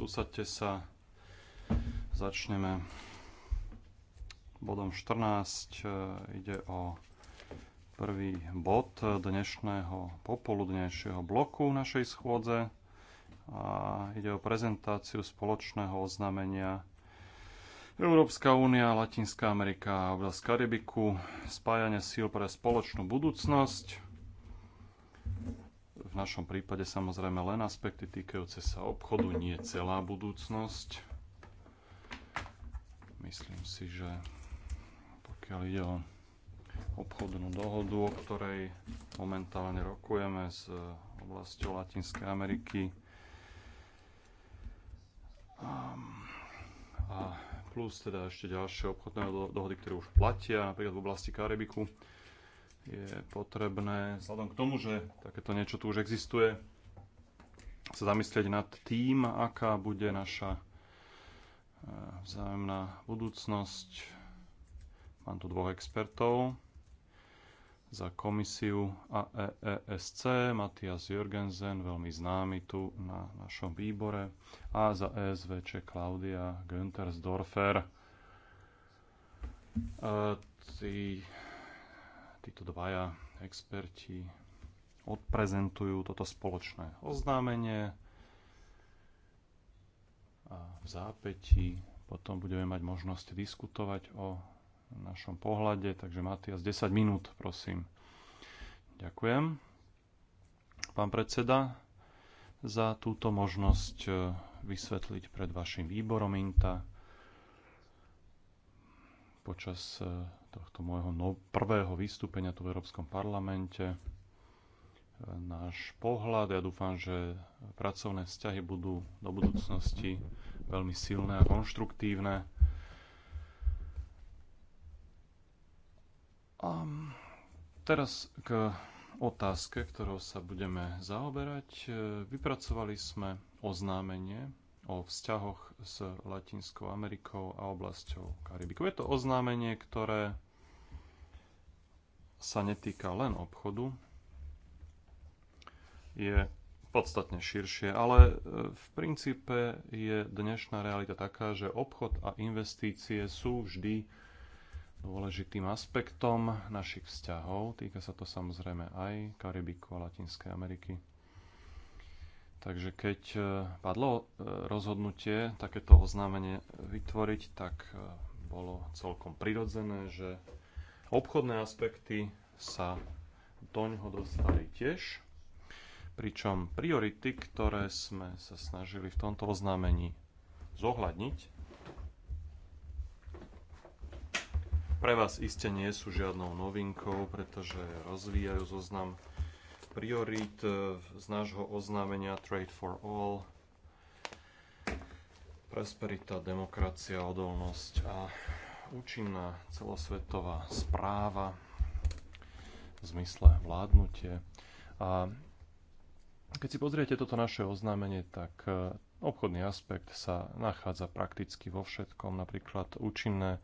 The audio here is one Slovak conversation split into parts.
usadte sa. Začneme bodom 14. E, ide o prvý bod dnešného popoludnejšieho bloku našej schôdze. A ide o prezentáciu spoločného oznámenia Európska únia, Latinská Amerika a oblasť Karibiku, spájanie síl pre spoločnú budúcnosť v našom prípade samozrejme len aspekty týkajúce sa obchodu, nie celá budúcnosť. Myslím si, že pokiaľ ide o obchodnú dohodu, o ktorej momentálne rokujeme s oblasťou Latinskej Ameriky. Um, a plus teda ešte ďalšie obchodné dohody, ktoré už platia, napríklad v oblasti Karibiku je potrebné, vzhľadom k tomu, že takéto niečo tu už existuje, sa zamyslieť nad tým, aká bude naša e, vzájomná budúcnosť. Mám tu dvoch expertov za komisiu AEESC, Matias Jörgensen, veľmi známy tu na našom výbore, a za ESVČ Klaudia Güntersdorfer. E, tí títo dvaja experti odprezentujú toto spoločné oznámenie a v zápäti potom budeme mať možnosť diskutovať o našom pohľade, takže Matias, 10 minút, prosím. Ďakujem, pán predseda, za túto možnosť e, vysvetliť pred vašim výborom INTA počas e, tohto môjho no, prvého vystúpenia tu v Európskom parlamente. Náš pohľad, ja dúfam, že pracovné vzťahy budú do budúcnosti veľmi silné a konštruktívne. A teraz k otázke, ktorou sa budeme zaoberať. Vypracovali sme oznámenie o vzťahoch s Latinskou Amerikou a oblasťou Karibiku. Je to oznámenie, ktoré sa netýka len obchodu, je podstatne širšie, ale e, v princípe je dnešná realita taká, že obchod a investície sú vždy dôležitým aspektom našich vzťahov. Týka sa to samozrejme aj Karibiku a Latinskej Ameriky. Takže keď e, padlo e, rozhodnutie takéto oznámenie vytvoriť, tak e, bolo celkom prirodzené, že obchodné aspekty sa do ňoho dostali tiež. Pričom priority, ktoré sme sa snažili v tomto oznámení zohľadniť, pre vás iste nie sú žiadnou novinkou, pretože rozvíjajú zoznam priorít e, z nášho oznámenia Trade for All, Prosperita, demokracia, odolnosť a účinná celosvetová správa v zmysle vládnutie. A keď si pozriete toto naše oznámenie, tak e, obchodný aspekt sa nachádza prakticky vo všetkom, napríklad účinné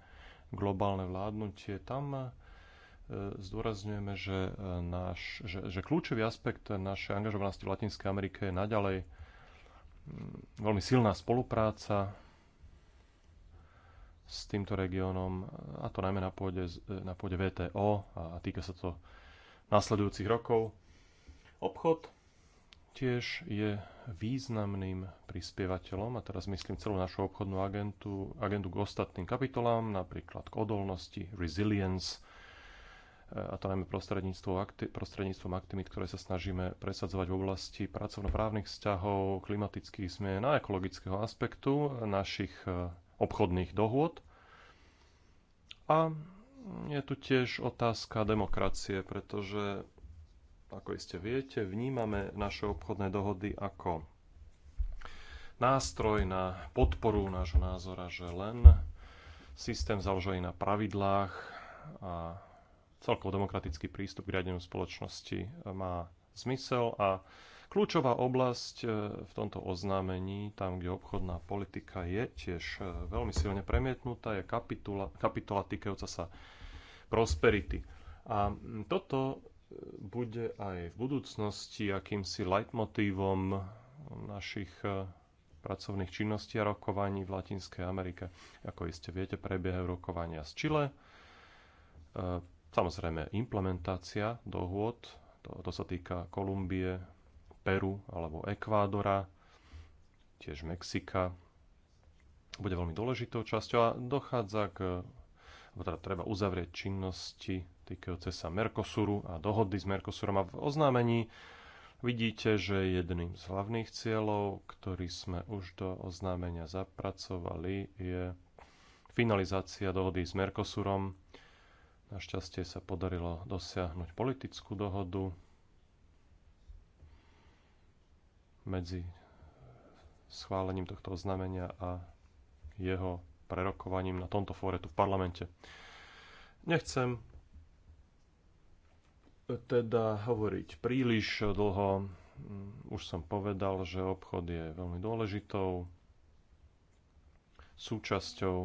globálne vládnutie. Tam e, E, zdôrazňujeme, že, e, náš, že, že kľúčový aspekt našej angažovanosti v Latinskej Amerike je naďalej mm, veľmi silná spolupráca s týmto regiónom, a to najmä na pôde, e, na pôde VTO, a týka sa to následujúcich rokov. Obchod tiež je významným prispievateľom, a teraz myslím celú našu obchodnú agentu, agendu k ostatným kapitolám, napríklad k odolnosti, resilience, a to najmä prostredníctvom, akti- prostredníctvom aktivít, ktoré sa snažíme presadzovať v oblasti pracovnoprávnych vzťahov, klimatických zmien a ekologického aspektu našich e, obchodných dohôd. A je tu tiež otázka demokracie, pretože, ako iste viete, vnímame naše obchodné dohody ako nástroj na podporu nášho názora, že len systém založený na pravidlách a celkovo demokratický prístup k riadeniu spoločnosti e, má zmysel a kľúčová oblasť e, v tomto oznámení, tam, kde obchodná politika je tiež e, veľmi silne premietnutá, je kapitula, kapitola týkajúca sa prosperity. A toto bude aj v budúcnosti akýmsi leitmotívom našich pracovných činností a rokovaní v Latinskej Amerike. Ako iste viete, prebiehajú rokovania z Chile, Samozrejme, implementácia dohôd, to, to sa týka Kolumbie, Peru alebo Ekvádora, tiež Mexika, bude veľmi dôležitou časťou a dochádza k, teda treba uzavrieť činnosti týkajúce sa Mercosuru a dohody s Mercosurom a v oznámení vidíte, že jedným z hlavných cieľov, ktorý sme už do oznámenia zapracovali, je finalizácia dohody s Mercosurom Našťastie sa podarilo dosiahnuť politickú dohodu medzi schválením tohto oznámenia a jeho prerokovaním na tomto fóre tu v parlamente. Nechcem teda hovoriť príliš dlho. Už som povedal, že obchod je veľmi dôležitou súčasťou,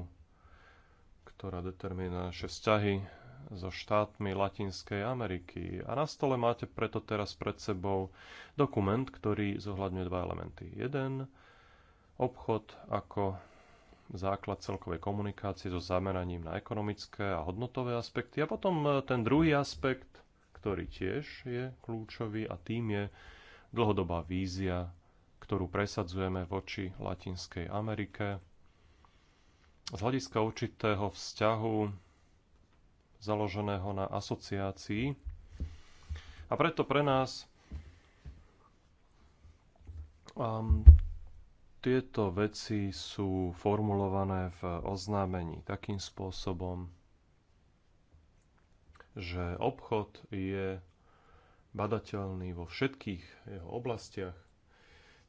ktorá determinuje naše vzťahy so štátmi Latinskej Ameriky. A na stole máte preto teraz pred sebou dokument, ktorý zohľadňuje dva elementy. Jeden, obchod ako základ celkovej komunikácie so zameraním na ekonomické a hodnotové aspekty. A potom e, ten druhý aspekt, ktorý tiež je kľúčový a tým je dlhodobá vízia, ktorú presadzujeme voči Latinskej Amerike z hľadiska určitého vzťahu založeného na asociácii. A preto pre nás um, tieto veci sú formulované v oznámení takým spôsobom, že obchod je badateľný vo všetkých jeho oblastiach.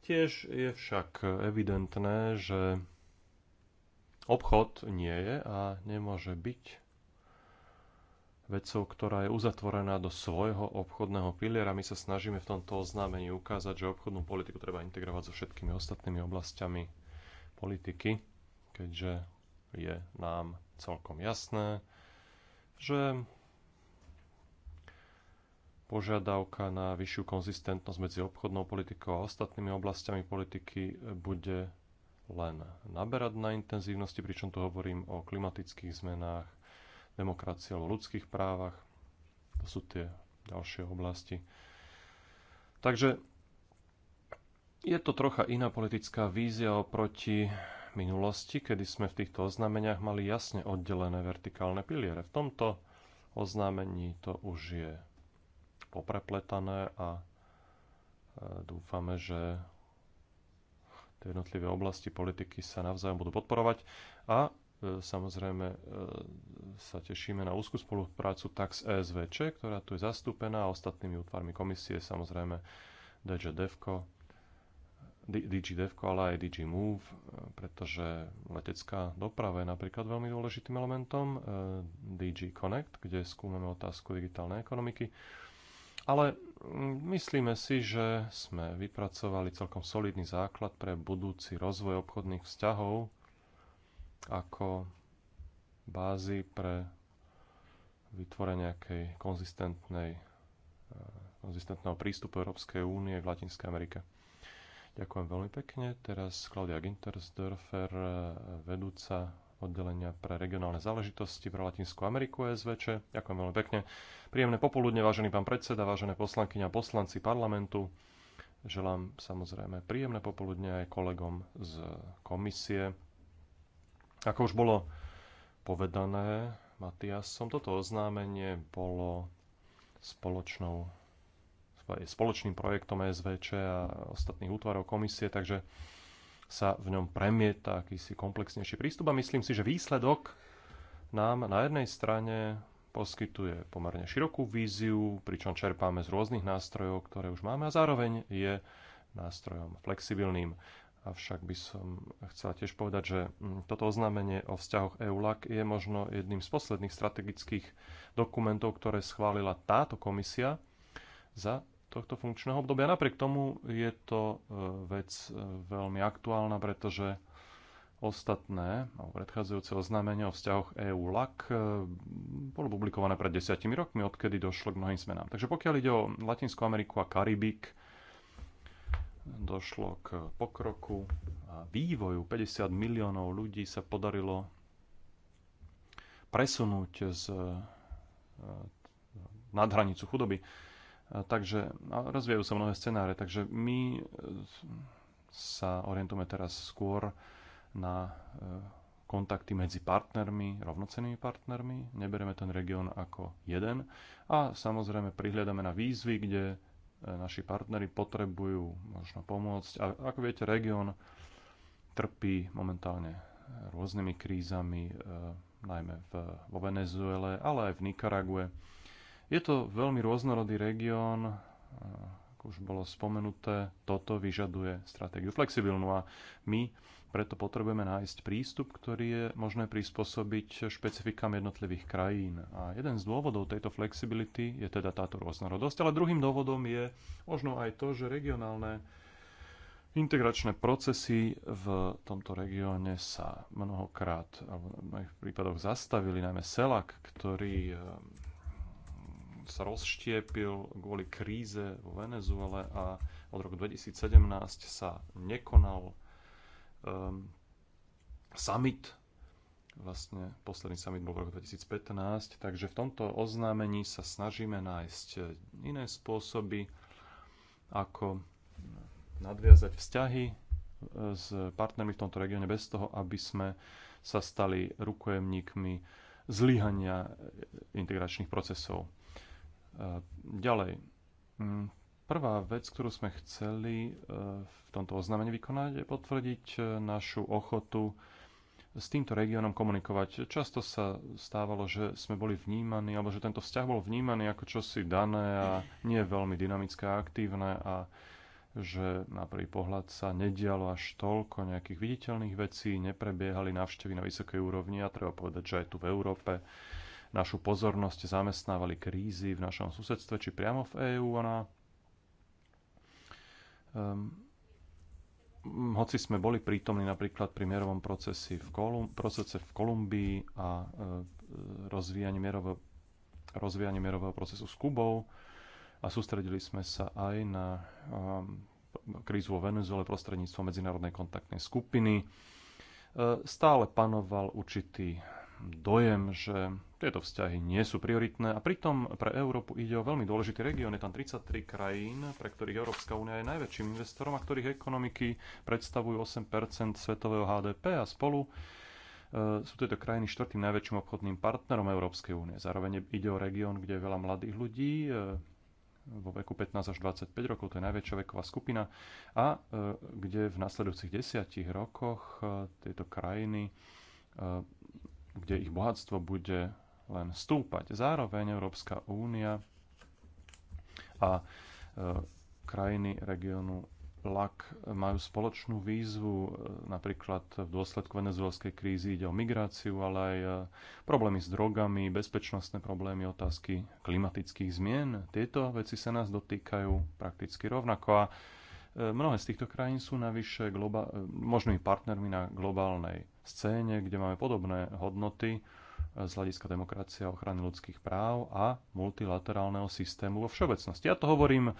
Tiež je však evidentné, že obchod nie je a nemôže byť vecou, ktorá je uzatvorená do svojho obchodného piliera. My sa snažíme v tomto oznámení ukázať, že obchodnú politiku treba integrovať so všetkými ostatnými oblastiami politiky, keďže je nám celkom jasné, že požiadavka na vyššiu konzistentnosť medzi obchodnou politikou a ostatnými oblastiami politiky bude len naberať na intenzívnosti, pričom tu hovorím o klimatických zmenách, demokracii alebo ľudských právach. To sú tie ďalšie oblasti. Takže je to trocha iná politická vízia oproti minulosti, kedy sme v týchto oznámeniach mali jasne oddelené vertikálne piliere. V tomto oznámení to už je poprepletané a e, dúfame, že tie jednotlivé oblasti politiky sa navzájom budú podporovať a E, samozrejme e, sa tešíme na úzkú spoluprácu tak s ESVČ, ktorá tu je zastúpená a ostatnými útvarmi komisie, samozrejme DG Devco, DG Devco, ale aj DG Move, e, pretože letecká doprava je napríklad veľmi dôležitým elementom DG Connect, kde skúmame otázku digitálnej ekonomiky. Ale myslíme si, že sme vypracovali celkom solidný základ pre budúci rozvoj obchodných vzťahov ako bázy pre vytvorenie nejakej konzistentnej, e, konzistentného prístupu Európskej únie k Latinskej Amerike. Ďakujem veľmi pekne. Teraz Claudia Gintersdörfer, e, vedúca oddelenia pre regionálne záležitosti pre Latinskú Ameriku SVČ. Ďakujem veľmi pekne. Príjemné popoludne, vážený pán predseda, vážené poslankyňa poslanci parlamentu. Želám samozrejme príjemné popoludne aj kolegom z komisie ako už bolo povedané Matiasom, toto oznámenie bolo spoločnou, spoločným projektom SVČ a ostatných útvarov komisie, takže sa v ňom premieta akýsi komplexnejší prístup a myslím si, že výsledok nám na jednej strane poskytuje pomerne širokú víziu, pričom čerpáme z rôznych nástrojov, ktoré už máme a zároveň je nástrojom flexibilným. Avšak by som chcela tiež povedať, že mm, toto oznámenie o vzťahoch EULAC je možno jedným z posledných strategických dokumentov, ktoré schválila táto komisia za tohto funkčného obdobia. Napriek tomu je to e, vec e, veľmi aktuálna, pretože ostatné, alebo predchádzajúce oznámenia o vzťahoch EU-LAC e, bolo publikované pred desiatimi rokmi, odkedy došlo k mnohým zmenám. Takže pokiaľ ide o Latinskú Ameriku a Karibik, došlo k pokroku a vývoju. 50 miliónov ľudí sa podarilo presunúť z, e, nad hranicu chudoby. E, takže rozvíjajú sa mnohé scenáre, takže my e, sa orientujeme teraz skôr na kontakty medzi partnermi, rovnocenými partnermi, nebereme ten región ako jeden a samozrejme prihľadáme na výzvy, kde E, naši partnery potrebujú možno pomôcť. A ako viete, región trpí momentálne e, rôznymi krízami, e, najmä v, vo Venezuele, ale aj v Nikarague. Je to veľmi rôznorodý región, ako už bolo spomenuté, toto vyžaduje stratégiu flexibilnú a my preto potrebujeme nájsť prístup, ktorý je možné prispôsobiť špecifikám jednotlivých krajín. A jeden z dôvodov tejto flexibility je teda táto rôznorodosť, ale druhým dôvodom je možno aj to, že regionálne integračné procesy v tomto regióne sa mnohokrát, alebo v mnohých prípadoch zastavili, najmä Selak, ktorý eh, sa rozštiepil kvôli kríze vo Venezuele a od roku 2017 sa nekonal um, summit, vlastne posledný summit bol v roku 2015, takže v tomto oznámení sa snažíme nájsť eh, iné spôsoby, ako nadviazať vzťahy eh, s partnermi v tomto regióne bez toho, aby sme sa stali rukojemníkmi zlyhania eh, integračných procesov. Ďalej, mm, Prvá vec, ktorú sme chceli e, v tomto oznámení vykonať, je potvrdiť e, našu ochotu s týmto regiónom komunikovať. Často sa stávalo, že sme boli vnímaní, alebo že tento vzťah bol vnímaný ako čosi dané a nie veľmi dynamické a aktívne a že na prvý pohľad sa nedialo až toľko nejakých viditeľných vecí, neprebiehali návštevy na vysokej úrovni a treba povedať, že aj tu v Európe našu pozornosť zamestnávali krízy v našom susedstve či priamo v EÚ a na Um, hoci sme boli prítomní napríklad pri mierovom procese v, Kolum- procese v Kolumbii a e, rozvíjanie, mierového, rozvíjanie mierového procesu s Kubou a sústredili sme sa aj na um, krízu vo Venezuele prostredníctvom medzinárodnej kontaktnej skupiny, e, stále panoval určitý dojem, že tieto vzťahy nie sú prioritné a pritom pre Európu ide o veľmi dôležitý región. Je tam 33 krajín, pre ktorých Európska únia je najväčším investorom a ktorých ekonomiky predstavujú 8 svetového HDP a spolu e, sú tieto krajiny štvrtým najväčším obchodným partnerom Európskej únie. Zároveň ide o región, kde je veľa mladých ľudí, e, vo veku 15 až 25 rokov, to je najväčšia veková skupina, a e, kde v nasledujúcich desiatich rokoch tieto krajiny kde ich bohatstvo bude len stúpať. Zároveň Európska únia a e, krajiny regiónu LAK majú spoločnú výzvu, e, napríklad v dôsledku venezuelskej krízy ide o migráciu, ale aj e, problémy s drogami, bezpečnostné problémy, otázky klimatických zmien. Tieto veci sa nás dotýkajú prakticky rovnako a E, mnohé z týchto krajín sú navyše globa- e, možnými partnermi na globálnej scéne, kde máme podobné hodnoty e, z hľadiska demokracie a ochrany ľudských práv a multilaterálneho systému vo všeobecnosti. Ja to hovorím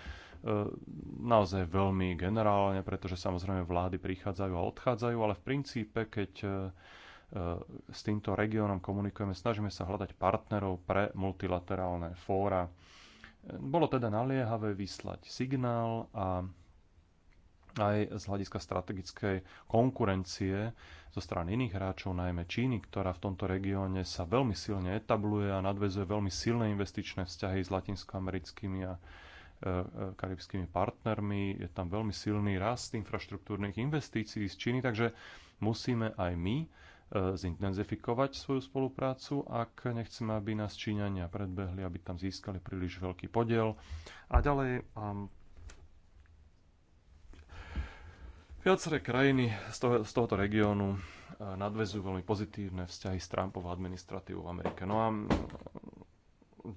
naozaj veľmi generálne, pretože samozrejme vlády prichádzajú a odchádzajú, ale v princípe, keď s týmto regiónom komunikujeme, snažíme sa hľadať partnerov pre multilaterálne fóra. Bolo teda naliehavé vyslať signál a aj z hľadiska strategickej konkurencie zo strany iných hráčov, najmä Číny, ktorá v tomto regióne sa veľmi silne etabluje a nadvezuje veľmi silné investičné vzťahy s latinskoamerickými a e, e, karibskými partnermi. Je tam veľmi silný rast infraštruktúrnych investícií z Číny, takže musíme aj my e, zintenzifikovať svoju spoluprácu, ak nechceme, aby nás Číňania predbehli, aby tam získali príliš veľký podiel. A ďalej Viaceré krajiny z, toho, z tohoto regiónu e, nadvezujú veľmi pozitívne vzťahy s Trumpovou administratívou v Amerike. No a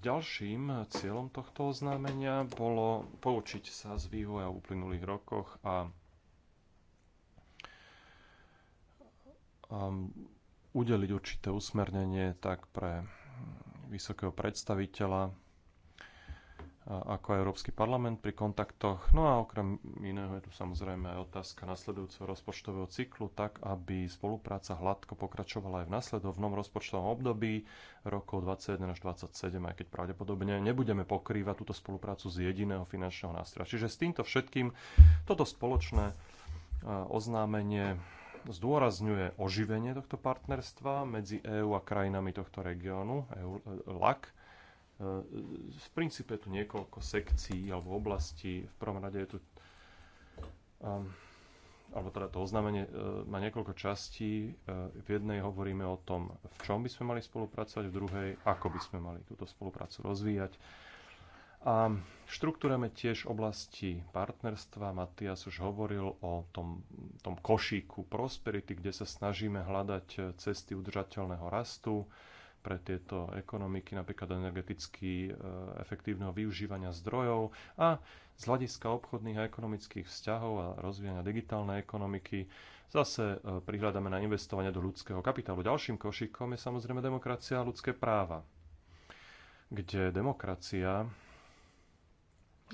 ďalším cieľom tohto oznámenia bolo poučiť sa z vývoja v uplynulých rokoch a, a udeliť určité usmernenie tak pre vysokého predstaviteľa ako aj Európsky parlament pri kontaktoch. No a okrem iného je tu samozrejme aj otázka nasledujúceho rozpočtového cyklu, tak aby spolupráca hladko pokračovala aj v nasledovnom rozpočtovom období rokov 2021 až 2027, aj keď pravdepodobne nebudeme pokrývať túto spoluprácu z jediného finančného nástroja. Čiže s týmto všetkým toto spoločné oznámenie zdôrazňuje oživenie tohto partnerstva medzi EÚ a krajinami tohto regiónu, EU, LAC, Eh, v princípe je tu niekoľko sekcií alebo oblastí. V prvom rade je tu um, alebo teda to oznámenie eh, má niekoľko častí. Eh, v jednej hovoríme o tom, v čom by sme mali spolupracovať, v druhej, ako by sme mali túto spoluprácu rozvíjať. A štruktúrame tiež oblasti partnerstva. Matias už hovoril o tom, tom košíku prosperity, kde sa snažíme hľadať cesty udržateľného rastu pre tieto ekonomiky, napríklad energeticky e, efektívneho využívania zdrojov a z hľadiska obchodných a ekonomických vzťahov a rozvíjania digitálnej ekonomiky zase e, prihľadáme na investovanie do ľudského kapitálu. Ďalším košíkom je samozrejme demokracia a ľudské práva, kde demokracia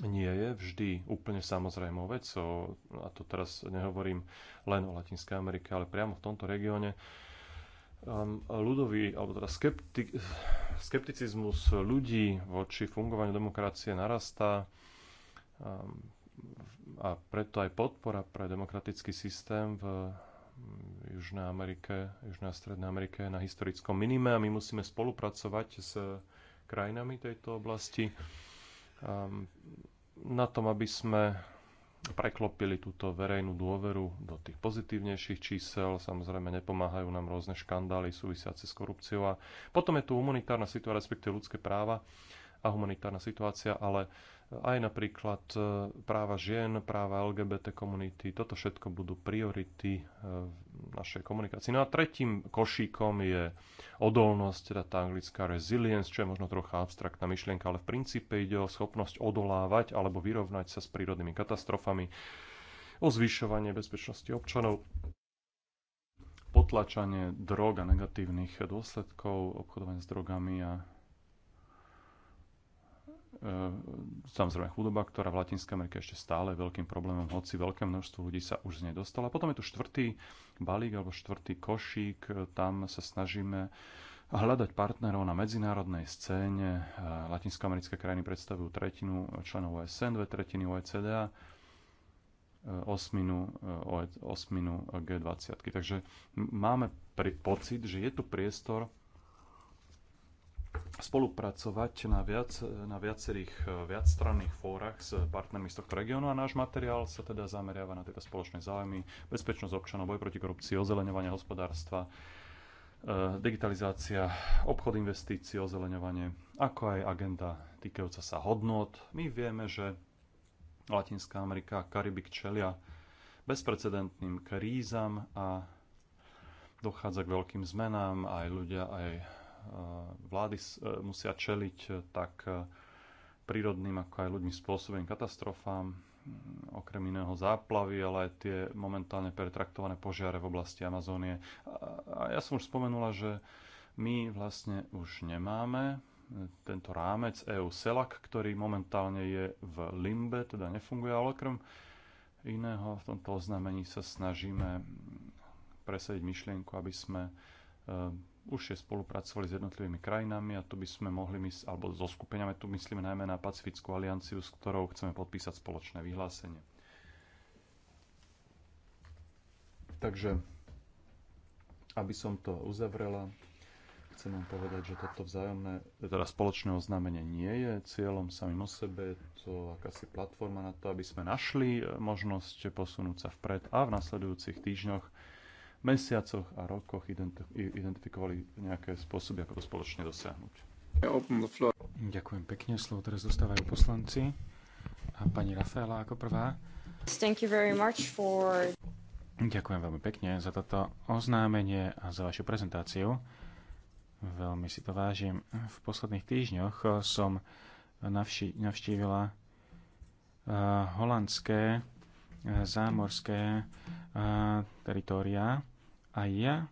nie je vždy úplne samozrejmou vecou, a to teraz nehovorím len o Latinskej Amerike, ale priamo v tomto regióne, Ehm, ľudový, alebo teda skepti- skepticizmus ľudí voči fungovaniu demokracie narastá ehm, a preto aj podpora pre demokratický systém v mm, Južnej Amerike, Južnej a Strednej Amerike na historickom minime a my musíme spolupracovať s krajinami tejto oblasti ehm, na tom, aby sme preklopili túto verejnú dôveru do tých pozitívnejších čísel. Samozrejme nepomáhajú nám rôzne škandály súvisiace s korupciou. A potom je tu humanitárna situácia, respektíve ľudské práva a humanitárna situácia, ale aj napríklad e, práva žien, práva LGBT komunity. Toto všetko budú priority e, v našej komunikácii. No a tretím košíkom je odolnosť, teda tá anglická resilience, čo je možno trocha abstraktná myšlienka, ale v princípe ide o schopnosť odolávať alebo vyrovnať sa s prírodnými katastrofami, o zvyšovanie bezpečnosti občanov, potlačanie drog a negatívnych dôsledkov, obchodovanie s drogami a Ehm, samozrejme chudoba, ktorá v Latinskej Amerike ešte stále je veľkým problémom, hoci veľké množstvo ľudí sa už z nej dostalo. Potom je tu štvrtý balík alebo štvrtý košík, tam sa snažíme hľadať partnerov na medzinárodnej scéne. Ehm, latinskoamerické krajiny predstavujú tretinu členov OSN, dve tretiny OECD ehm, osminu, e, osminu G20. Takže máme pocit, že je tu priestor spolupracovať na, viac, na viacerých eh, viacstranných fórach s partnermi z tohto regiónu a náš materiál sa teda zameriava na tieto spoločné záujmy, bezpečnosť občanov, boj proti korupcii, ozeleňovanie hospodárstva, eh, digitalizácia, obchod investícií, ozeleňovanie, ako aj agenda týkajúca sa hodnot. My vieme, že Latinská Amerika a Karibik čelia bezprecedentným krízam a dochádza k veľkým zmenám, aj ľudia, aj Eh, vlády eh, musia čeliť eh, tak prírodným, ako aj ľuďmi spôsobeným katastrofám, mm, okrem iného záplavy, ale aj tie momentálne pretraktované požiare v oblasti Amazónie. A ja som už spomenula, že my vlastne už nemáme tento rámec EU SELAC, ktorý momentálne je v limbe, teda nefunguje, ale okrem iného v tomto oznámení sa snažíme mm, presadiť myšlienku, aby sme užšie spolupracovali s jednotlivými krajinami a tu by sme mohli, mys- alebo so skupeniami, tu myslíme najmä na Pacifickú alianciu, s ktorou chceme podpísať spoločné vyhlásenie. Takže, aby som to uzavrela, chcem vám povedať, že toto vzájomné, teda spoločné oznámenie nie je cieľom samým o sebe, je to akási platforma na to, aby sme našli možnosť posunúť sa vpred a v nasledujúcich týždňoch mesiacoch a rokoch identifikovali nejaké spôsoby, ako to spoločne dosiahnuť. Ďakujem pekne. Slovo teraz dostávajú poslanci. A pani Rafaela ako prvá. Thank you very much for... Ďakujem veľmi pekne za toto oznámenie a za vašu prezentáciu. Veľmi si to vážim. V posledných týždňoch som navši- navštívila uh, holandské uh, zámorské uh, eh, teritória a ja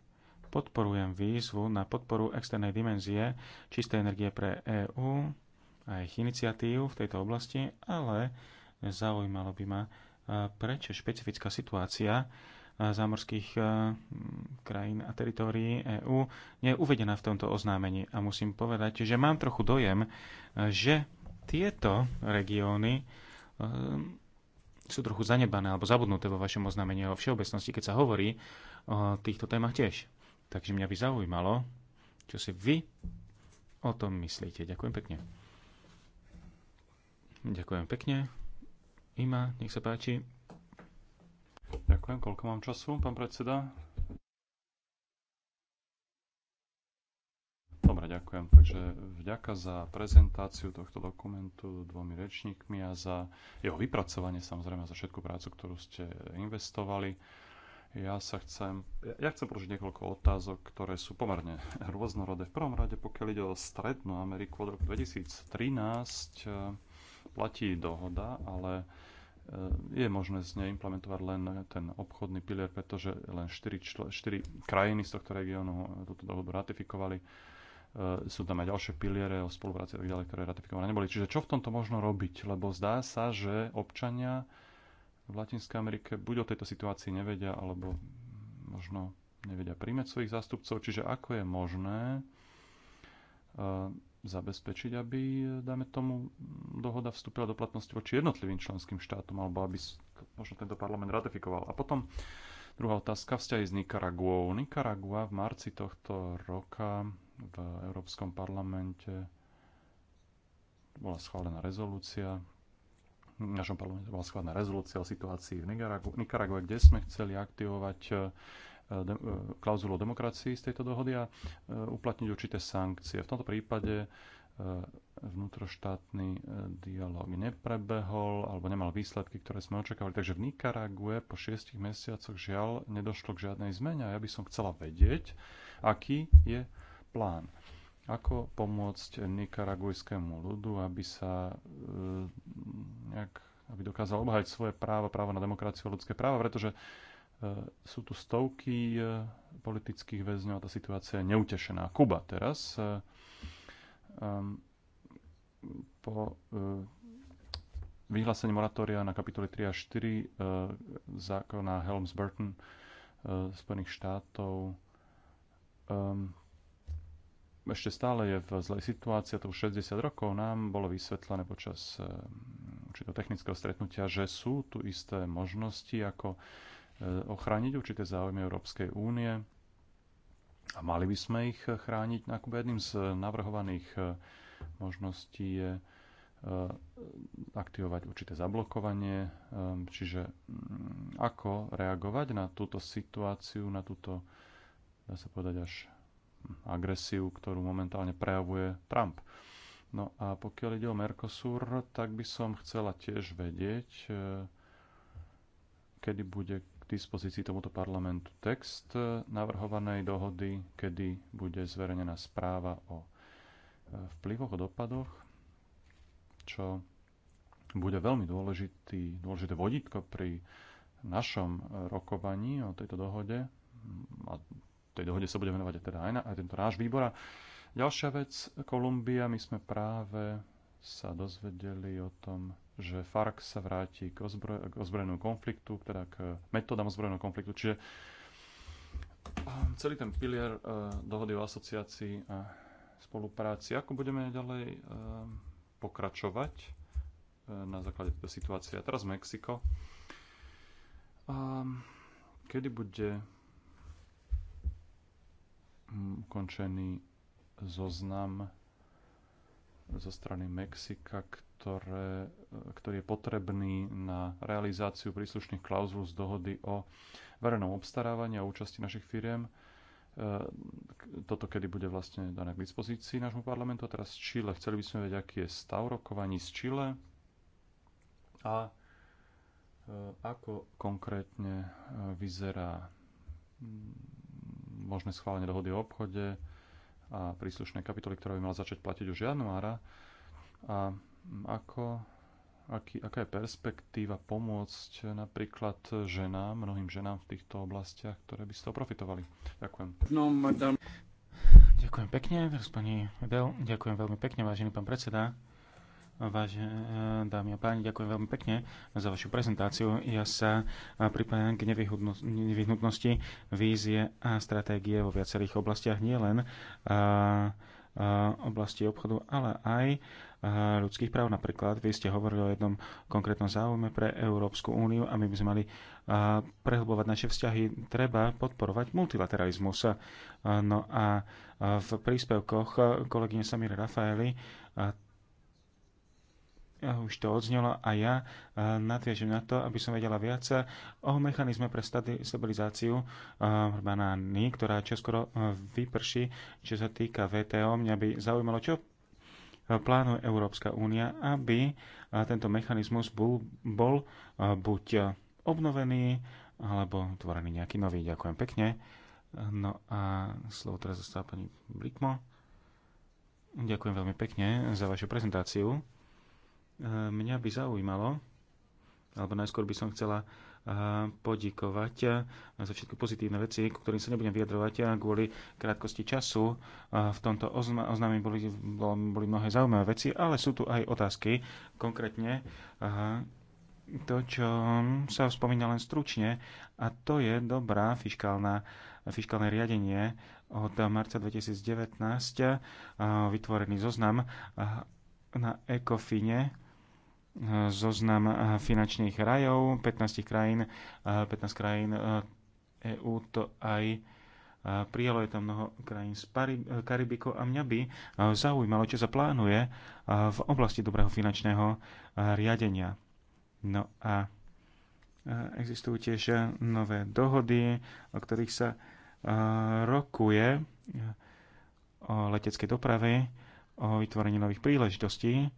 podporujem výzvu na podporu externej dimenzie čistej energie pre EÚ a ich iniciatív v tejto oblasti, ale zaujímalo by ma, prečo špecifická situácia zámorských krajín a teritórií EÚ nie je uvedená v tomto oznámení. A musím povedať, že mám trochu dojem, že tieto regióny sú trochu zanebané alebo zabudnuté vo vašom oznámení o všeobecnosti, keď sa hovorí o týchto témach tiež. Takže mňa by zaujímalo, čo si vy o tom myslíte. Ďakujem pekne. Ďakujem pekne. Ima, nech sa páči. Ďakujem. Koľko mám času, pán predseda? Dobre, ďakujem. Takže vďaka za prezentáciu tohto dokumentu dvomi rečníkmi a za jeho vypracovanie, samozrejme za všetku prácu, ktorú ste investovali. Ja sa chcem, ja chcem položiť niekoľko otázok, ktoré sú pomerne rôznorodé. V prvom rade, pokiaľ ide o Strednú Ameriku, od roku 2013 eh, platí dohoda, ale eh, je možné z nej implementovať len ten obchodný pilier, pretože len 4, 4 krajiny z tohto regiónu túto dohodu ratifikovali. Eh, sú tam aj ďalšie piliere o spolupráci a tak ďalej, ktoré ratifikované neboli. Čiže čo v tomto možno robiť? Lebo zdá sa, že občania v Latinskej Amerike buď o tejto situácii nevedia, alebo možno nevedia príjmať svojich zástupcov. Čiže ako je možné e, zabezpečiť, aby, e, dáme tomu, dohoda vstúpila do platnosti voči jednotlivým členským štátom, alebo aby možno tento parlament ratifikoval. A potom druhá otázka, vzťahy s Nikaraguou. Nikaragua v marci tohto roka v Európskom parlamente bola schválená rezolúcia v našom parlamente bola schválená rezolúcia o situácii v Nikarague, kde sme chceli aktivovať e, e, e, klauzulu demokracii z tejto dohody a uplatniť určité sankcie. V tomto prípade vnútroštátny dialog neprebehol alebo nemal výsledky, ktoré sme očakávali. Takže v Nikarague po šiestich mesiacoch žiaľ nedošlo k žiadnej zmene a ja by som chcela vedieť, aký je plán. Ako pomôcť nikaragujskému ľudu, aby sa e, nejak, aby dokázal obhajať svoje právo právo na demokraciu a ľudské práva, pretože e, sú tu stovky e, politických väzňov a tá situácia je neutešená. Kuba teraz po vyhlásení moratória na kapitoly 3 a 4 zákona Helms-Burton Spojených štátov ešte stále je v zlej situácii, to už 60 rokov, nám bolo vysvetlené počas eh, určitého technického stretnutia, že sú tu isté možnosti, ako eh, ochrániť určité záujmy Európskej únie a mali by sme ich chrániť. Akoby jedným z navrhovaných eh, možností je aktivovať určité zablokovanie, čiže mm, ako reagovať na túto situáciu, na túto, dá sa povedať, až agresiu, ktorú momentálne prejavuje Trump. No a pokiaľ ide o Mercosur, tak by som chcela tiež vedieť, e, kedy bude k dispozícii tomuto parlamentu text e, navrhovanej dohody, kedy bude zverejnená správa o e, vplyvoch, a dopadoch, čo bude veľmi dôležitý, dôležité vodítko pri našom rokovaní o tejto dohode a tej dohode sa bude venovať teda aj, na, aj tento náš výbor. A ďalšia vec, Kolumbia, my sme práve sa dozvedeli o tom, že FARC sa vráti k, ozbroj, k ozbrojenému konfliktu, teda k metodám ozbrojeného konfliktu. Čiže ehm, celý ten pilier ehm, dohody o asociácii a spolupráci, ako budeme ďalej ehm, pokračovať na základe tejto situácie. A teraz Mexiko. Kedy bude Mm, ukončený zoznam zo strany Mexika, ktoré, e, ktorý je potrebný na realizáciu príslušných klauzul z dohody o verejnom obstarávaní a účasti našich firiem. E, toto kedy bude vlastne dané k dispozícii nášmu parlamentu. A teraz Chile. Chceli by sme vedieť, aký je stav rokovaní z Chile a e, ako konkrétne vyzerá možné schválenie dohody o obchode a príslušné kapitoly, ktorá by mala začať platiť už januára. A ako, aký, aká je perspektíva pomôcť napríklad ženám, mnohým ženám v týchto oblastiach, ktoré by z toho profitovali? Ďakujem. No, madame. Ďakujem pekne, pani Del, ďakujem veľmi pekne, vážený pán predseda. Vážené eh, dámy a páni, ďakujem veľmi pekne za vašu prezentáciu. Ja sa eh, pripájam k nevyhnutnosti vízie a stratégie vo viacerých oblastiach, nielen eh, oblasti obchodu, ale aj ľudských práv. Napríklad, vy ste hovorili o jednom konkrétnom záujme pre Európsku úniu a my by sme mali prehlbovať naše vzťahy. Treba podporovať multilateralizmus. No a v príspevkoch kolegyne Samir Rafaeli už to odznelo a ja e, nadviažem na to, aby som vedela viac o mechanizme pre stabilizáciu e, banány, ktorá čoskoro e, vyprší, čo sa týka VTO. Mňa by zaujímalo, čo plánuje Európska únia, aby tento mechanizmus bol, bol buď obnovený, alebo tvorený nejaký nový. Ďakujem pekne. No a slovo teraz zostáva pani Blikmo. Ďakujem veľmi pekne za vašu prezentáciu. Eh, mňa by zaujímalo, alebo najskôr by som chcela eh, podíkovať eh, za všetky pozitívne veci, ktorým sa nebudem vyjadrovať a kvôli krátkosti času. V tomto oznámi boli, boli mnohé zaujímavé veci, ale sú tu aj otázky. Konkrétne to, čo sa spomína len stručne, a to je dobrá fiskálna, fiskálne riadenie od marca 2019, vytvorený zoznam na ECOFINE Eh, zoznam eh, finančných rajov 15 krajín, 15 eh, krajín EÚ e to aj prijalo je tam mnoho krajín z Karibiku a mňa by zaujímalo, čo sa plánuje v oblasti dobrého finančného riadenia. No a existujú tiež nové dohody, o ktorých sa rokuje o leteckej doprave, o vytvorení nových príležitostí.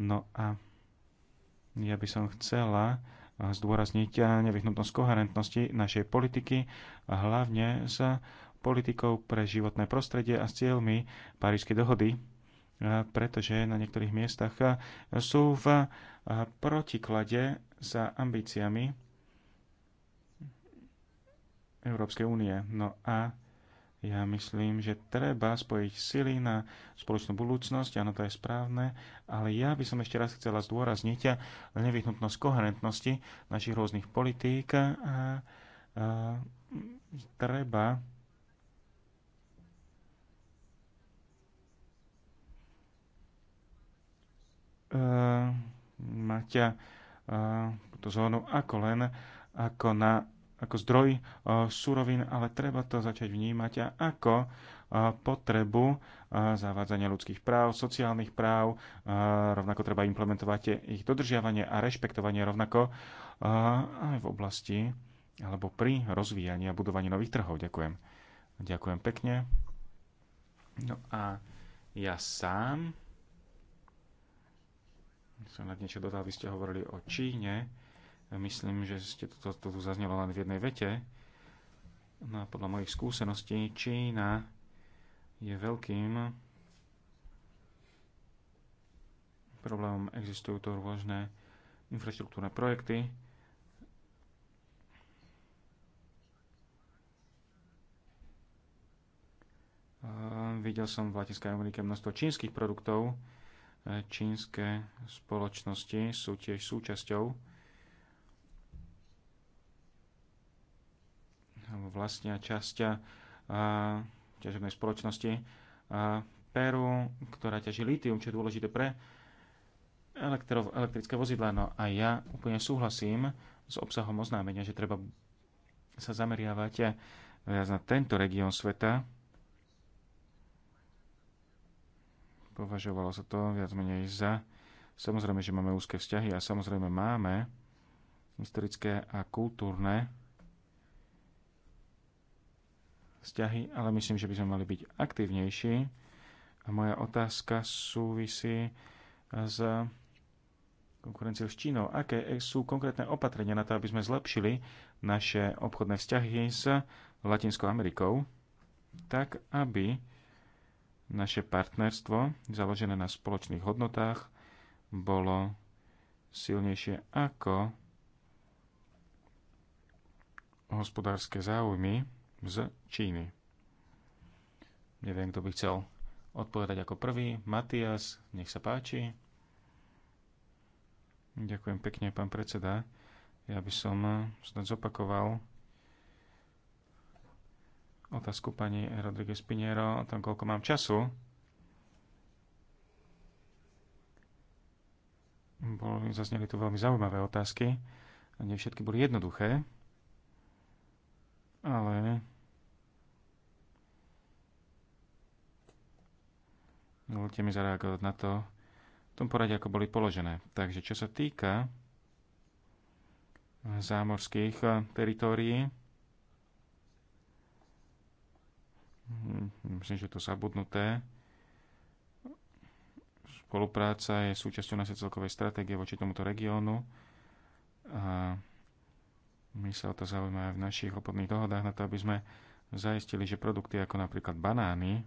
No a ja by som chcela eh, zdôrazniť eh, nevyhnutnosť koherentnosti našej politiky, a hlavne s politikou pre životné prostredie a s cieľmi Parížskej dohody, eh, pretože na niektorých miestach sú v protiklade s ambíciami Európskej únie. No a ja myslím, že treba spojiť sily na spoločnú budúcnosť, áno, to je správne, ale ja by som ešte raz chcela zdôrazniť nevyhnutnosť koherentnosti našich rôznych politík a, a, treba uh, mať uh, túto zónu ako len ako na ako zdroj e, surovín, ale treba to začať vnímať ako e, potrebu e, zavádzania ľudských práv, sociálnych práv, rovnako treba implementovať ich dodržiavanie a rešpektovanie rovnako aj v oblasti alebo pri rozvíjaní a budovaní nových trhov. Ďakujem. Ďakujem pekne. No a ja sám som na niečo dodal, vy ste hovorili o Číne Myslím, že ste to, to tu zaznelo len v jednej vete. No a podľa mojich skúseností Čína je veľkým problémom. Existujú to rôzne infraštruktúrne projekty. Videl som v Latinskej Amerike množstvo čínskych produktov. E, čínske spoločnosti sú tiež súčasťou vlastnia časť ťaženej spoločnosti Peru, ktorá ťaží litium, čo je dôležité pre elektro, elektrické vozidlá. No a ja úplne súhlasím s obsahom oznámenia, že treba sa zameriavať viac na tento región sveta. Považovalo sa to viac menej za... Samozrejme, že máme úzke vzťahy a samozrejme máme historické a kultúrne vzťahy, ale myslím, že by sme mali byť aktívnejší. A moja otázka súvisí s konkurenciou s Čínou. Aké sú konkrétne opatrenia na to, aby sme zlepšili naše obchodné vzťahy s Latinskou Amerikou, tak aby naše partnerstvo, založené na spoločných hodnotách, bolo silnejšie ako hospodárske záujmy z Číny. Neviem, kto by chcel odpovedať ako prvý. Matias, nech sa páči. Ďakujem pekne, pán predseda. Ja by som snad zopakoval otázku pani Rodriguez Piniero o tom, koľko mám času. Bol, zazneli tu veľmi zaujímavé otázky. Nie všetky boli jednoduché, ale Dovolte mi zareagovať na to v tom poradí, ako boli položené. Takže čo sa týka zámorských eh, teritórií, hm, myslím, že to zabudnuté, spolupráca je súčasťou našej celkovej stratégie voči tomuto regiónu a my sa o to zaujímame aj v našich obchodných dohodách na to, aby sme zaistili, že produkty ako napríklad banány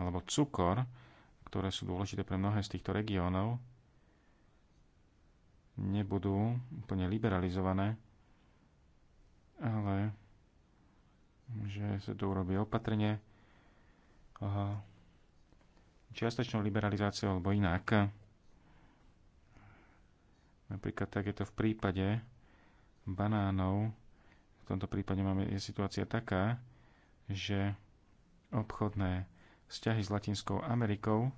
alebo cukor, ktoré sú dôležité pre mnohé z týchto regiónov, nebudú úplne liberalizované, ale že sa to urobí opatrne, čiastočnou liberalizáciou alebo inak. Napríklad tak je to v prípade banánov. V tomto prípade máme, je situácia taká, že obchodné vzťahy s Latinskou Amerikou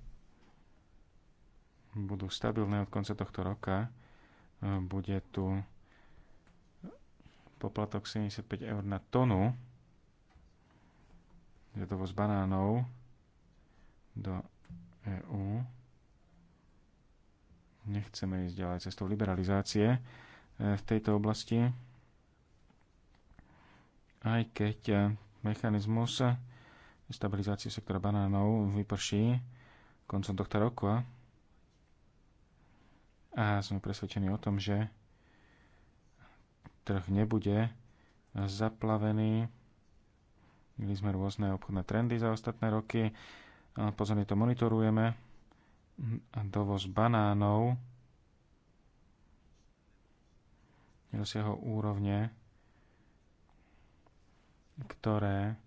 budú stabilné od konca tohto roka. E, bude tu poplatok 75 eur na tonu je dovoz banánov do EÚ. Nechceme ísť ďalej cestou liberalizácie e, v tejto oblasti, aj keď e, mechanizmus stabilizácie sektora banánov vyprší koncom tohto roku a sme presvedčení o tom, že trh nebude zaplavený. Mili sme rôzne obchodné trendy za ostatné roky. Pozorne to monitorujeme. dovoz banánov dosiahol úrovne, ktoré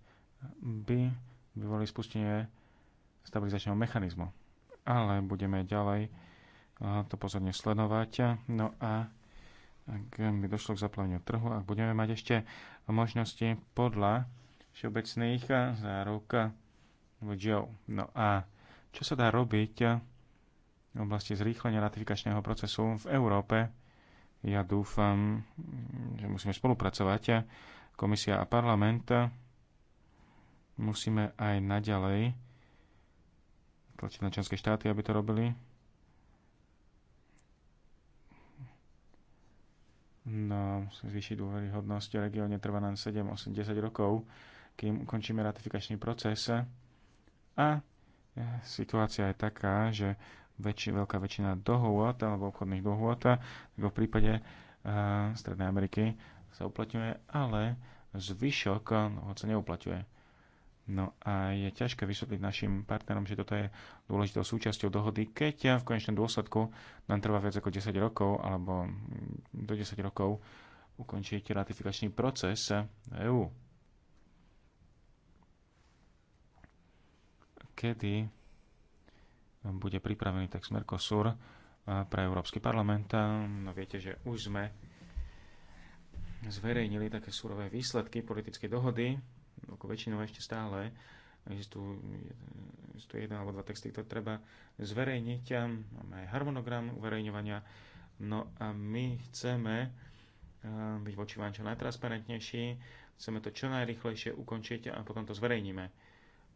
by vyvolili spustenie stabilizačného mechanizmu. Ale budeme ďalej to pozorne sledovať. No a ak by došlo k zaplaveniu trhu, ak budeme mať ešte možnosti podľa všeobecných záruk vodžiov. No a čo sa dá robiť v oblasti zrýchlenia ratifikačného procesu v Európe? Ja dúfam, že musíme spolupracovať. Komisia a parlament musíme aj naďalej tlačiť na členské štáty, aby to robili no, zvýšiť dôveryhodnosť. V regióne trvá nám 7, 8, 10 rokov, kým ukončíme ratifikačný proces. A e, situácia je taká, že väčši, veľká väčšina dohôd alebo obchodných dohôd, ako v prípade uh, Strednej Ameriky, sa uplatňuje, ale zvyšok dohôd sa neuplatňuje. No a je ťažké vysvetliť našim partnerom, že toto je dôležitou súčasťou dohody, keď v konečnom dôsledku nám trvá viac ako 10 rokov alebo do 10 rokov ukončiť ratifikačný proces EÚ. Kedy bude pripravený text Mercosur eh, pre Európsky parlament? Eh, no viete, že už sme zverejnili také surové výsledky politickej dohody ako väčšinou ešte stále existujú, existujú jeden alebo dva texty, ktoré treba zverejniť. Máme aj harmonogram uverejňovania. No a my chceme eh, byť voči vám čo najtransparentnejší, chceme to čo najrychlejšie ukončiť a potom to zverejníme.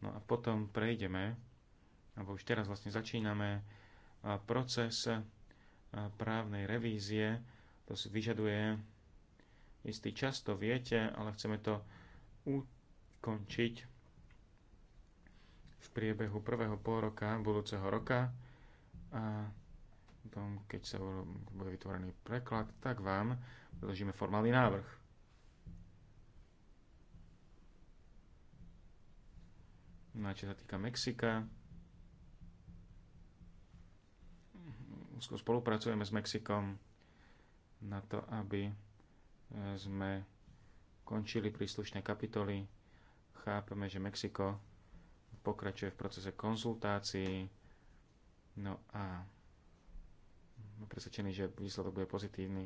No a potom prejdeme, alebo už teraz vlastne začíname eh, proces eh, právnej revízie. To si vyžaduje istý čas, to viete, ale chceme to skončiť v priebehu prvého roka budúceho roka a potom, keď sa bude vytvorený preklad, tak vám predložíme formálny návrh. No a čo sa týka Mexika, spolupracujeme s Mexikom na to, aby e, sme končili príslušné kapitoly chápeme, že Mexiko pokračuje v procese konzultácií. No a sme presvedčení, že výsledok bude pozitívny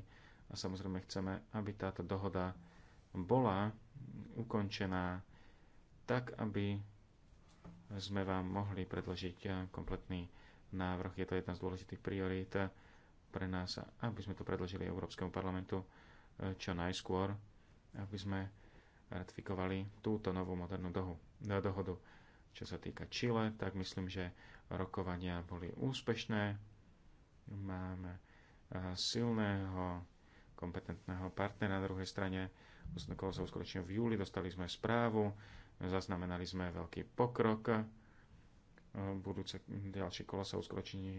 a samozrejme chceme, aby táto dohoda bola ukončená tak, aby sme vám mohli predložiť kompletný návrh. Je to jedna z dôležitých priorít pre nás, aby sme to predložili Európskemu parlamentu eh, čo najskôr, aby sme ratifikovali túto novú modernú dohu, no, dohodu. Čo sa týka Chile, tak myslím, že rokovania boli úspešné. Máme eh, silného, kompetentného partnera na druhej strane. Kolo sa uskutočnilo v júli, dostali sme správu, zaznamenali sme veľký pokrok. Eh, budúce ďalšie kolo sa uskutoční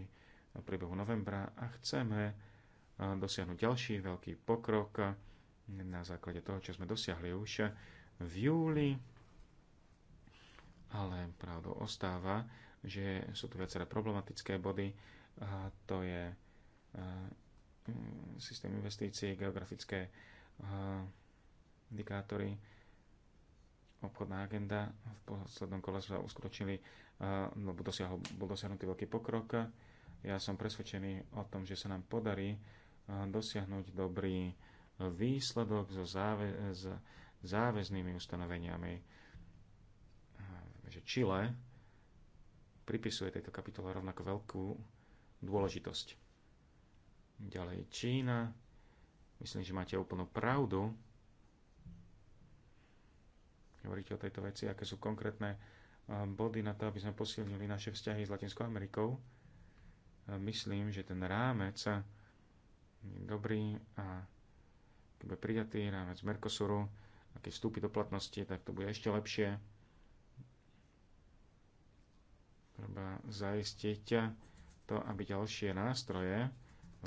v priebehu novembra a chceme eh, dosiahnuť ďalší veľký pokrok na základe toho, čo sme dosiahli už v júli. Ale pravdou ostáva, že sú tu viaceré problematické body. A to je a, e, systém investícií, geografické a, e, indikátory, obchodná agenda. V poslednom kole sa uskutočnili, lebo no, dosiahol, bol dosiahnutý veľký pokrok. Ja som presvedčený o tom, že sa nám podarí e, dosiahnuť dobrý výsledok so záve, s záväznými ustanoveniami, že Chile pripisuje tejto kapitole rovnako veľkú dôležitosť. Ďalej Čína. Myslím, že máte úplnú pravdu. Hovoríte o tejto veci, aké sú konkrétne body na to, aby sme posilnili naše vzťahy s Latinskou Amerikou. Myslím, že ten rámec je dobrý a keď bude prijatý rámec Mercosuru a keď vstúpi do platnosti, tak to bude ešte lepšie. Treba zaistiť to, aby ďalšie nástroje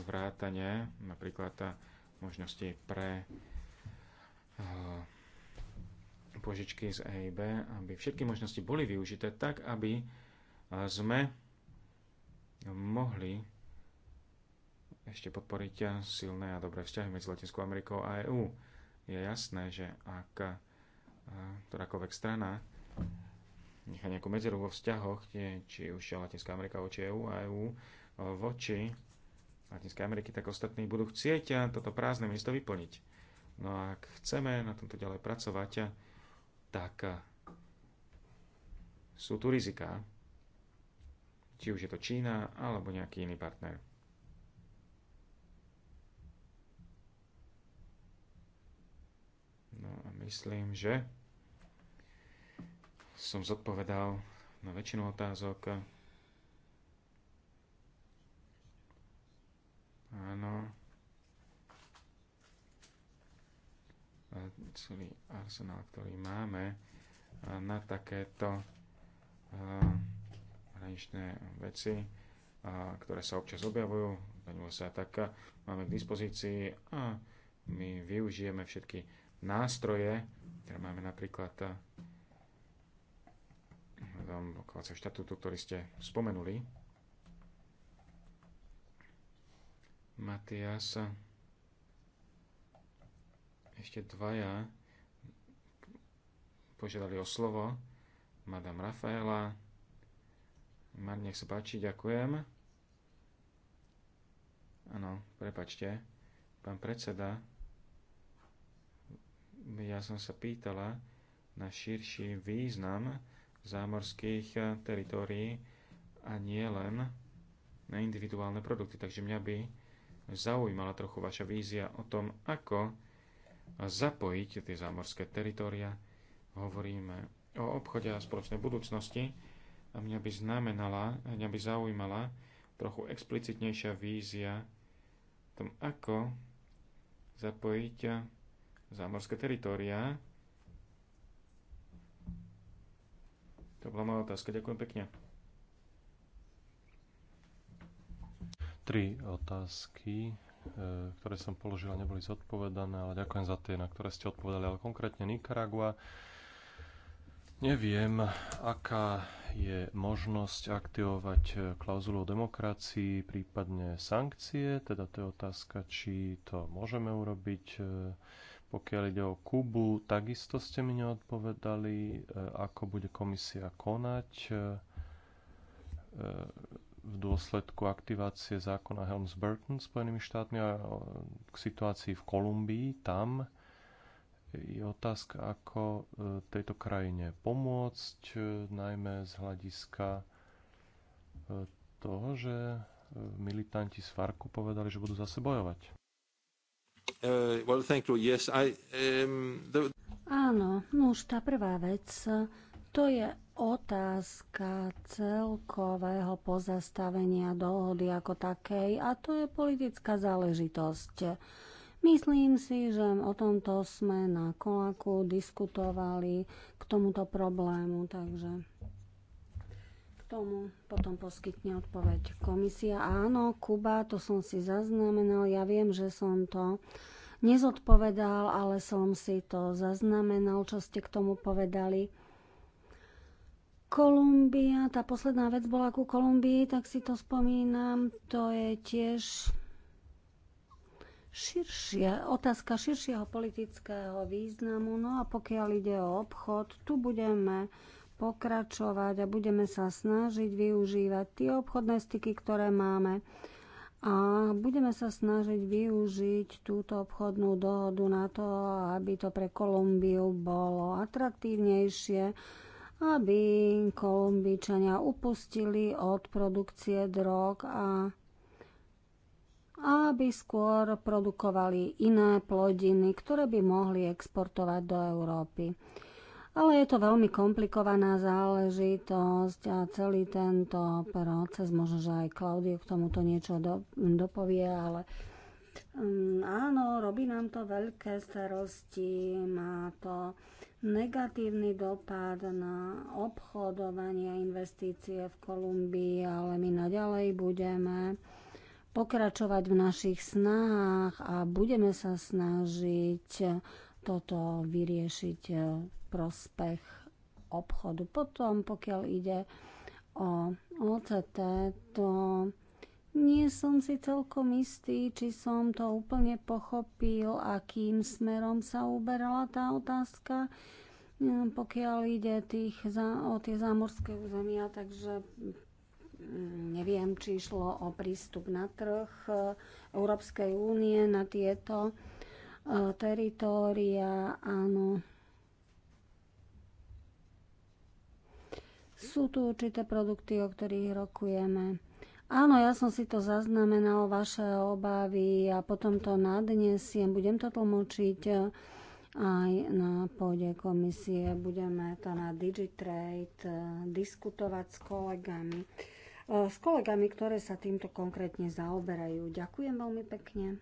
vrátane, napríklad možnosti pre eh, požičky z EIB, aby všetky možnosti boli využité tak, aby eh, sme mohli ešte podporiť silné a dobré vzťahy medzi Latinskou Amerikou a EÚ. Je jasné, že ak ktorákoľvek strana nechá nejakú medzeru vo vzťahoch, či už Latinská Amerika voči EÚ a EÚ e, voči Latinskej Ameriky, tak ostatní budú chcieť toto prázdne miesto vyplniť. No a ak chceme na tomto ďalej pracovať, tak sú tu rizika, či už je to Čína alebo nejaký iný partner. Myslím, že som zodpovedal na väčšinu otázok. Áno. celý arsenál, ktorý máme na takéto hraničné veci, ktoré sa občas objavujú, daňujú sa tak, máme k dispozícii a my využijeme všetky nástroje, ktoré máme napríklad eh, okolo štatútu, ktorý ste spomenuli. Matias, ešte dvaja požiadali o slovo. Madame Rafaela. Mar, nech sa páči, ďakujem. Áno, prepačte. Pán predseda, ja som sa pýtala na širší význam zámorských eh, teritórií a nie len na individuálne produkty. Takže mňa by zaujímala trochu vaša vízia o tom, ako zapojiť tie zámorské teritória. Hovoríme o obchode a spoločnej budúcnosti a mňa by znamenala, mňa by zaujímala trochu explicitnejšia vízia o tom, ako zapojiť zámorské teritória. To bola moja otázka. Ďakujem pekne. Tri otázky, e, ktoré som položil, neboli zodpovedané, ale ďakujem za tie, na ktoré ste odpovedali. Ale konkrétne Nikaragua. Neviem, aká je možnosť aktivovať e, klauzulu o demokracii, prípadne sankcie. Teda to je otázka, či to môžeme urobiť e, pokiaľ ide o Kubu, takisto ste mi neodpovedali, e, ako bude komisia konať e, e, v dôsledku aktivácie zákona Helms-Burton Spojenými štátmi a k situácii v Kolumbii. Tam je otázka, ako tejto krajine pomôcť, najmä z hľadiska toho, že militanti z Farku povedali, že budú zase bojovať. Uh, um, Áno, no už tá prvá vec, to je otázka celkového pozastavenia dohody ako takej a to je politická záležitosť. Myslím si, že o tomto sme na Kolaku diskutovali k tomuto problému, takže tomu potom poskytne odpoveď komisia. Áno, Kuba, to som si zaznamenal. Ja viem, že som to nezodpovedal, ale som si to zaznamenal, čo ste k tomu povedali. Kolumbia, tá posledná vec bola ku Kolumbii, tak si to spomínam. To je tiež širšia, otázka širšieho politického významu. No a pokiaľ ide o obchod, tu budeme pokračovať a budeme sa snažiť využívať tie obchodné styky, ktoré máme a budeme sa snažiť využiť túto obchodnú dohodu na to, aby to pre Kolumbiu bolo atraktívnejšie, aby Kolumbičania upustili od produkcie drog a aby skôr produkovali iné plodiny, ktoré by mohli exportovať do Európy ale je to veľmi komplikovaná záležitosť a celý tento proces, možno, že aj Klaudio k tomuto niečo do, dopovie, ale um, áno, robí nám to veľké starosti, má to negatívny dopad na obchodovanie a investície v Kolumbii, ale my naďalej budeme pokračovať v našich snahách a budeme sa snažiť toto vyriešiť e, prospech obchodu. Potom, pokiaľ ide o OCT, to nie som si celkom istý, či som to úplne pochopil, akým smerom sa uberala tá otázka, e, pokiaľ ide tých, o tie zámorské územia, takže mm, neviem, či išlo o prístup na trh e, Európskej únie na tieto E, teritória, áno. Sú tu určité produkty, o ktorých rokujeme. Áno, ja som si to zaznamenal, vaše obavy a potom to nadnesiem. Budem to tlmočiť e, aj na pôde komisie. Budeme to na Digitrade e, diskutovať s kolegami. S kolegami, ktoré sa týmto konkrétne zaoberajú. Ďakujem veľmi pekne.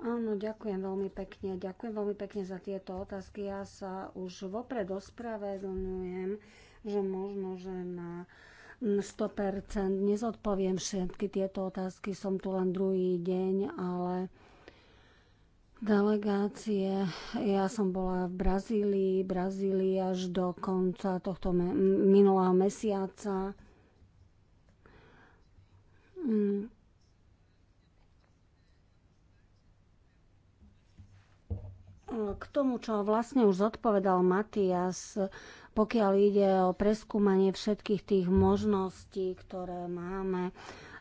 Áno, ďakujem veľmi pekne. Ďakujem veľmi pekne za tieto otázky. Ja sa už vopred ospravedlňujem, že možno, že na 100% nezodpoviem všetky tieto otázky. Som tu len druhý deň, ale delegácie. Ja som bola v Brazílii, Brazílii až do konca tohto minulého mesiaca. Mm K tomu, čo vlastne už zodpovedal Matias, pokiaľ ide o preskúmanie všetkých tých možností, ktoré máme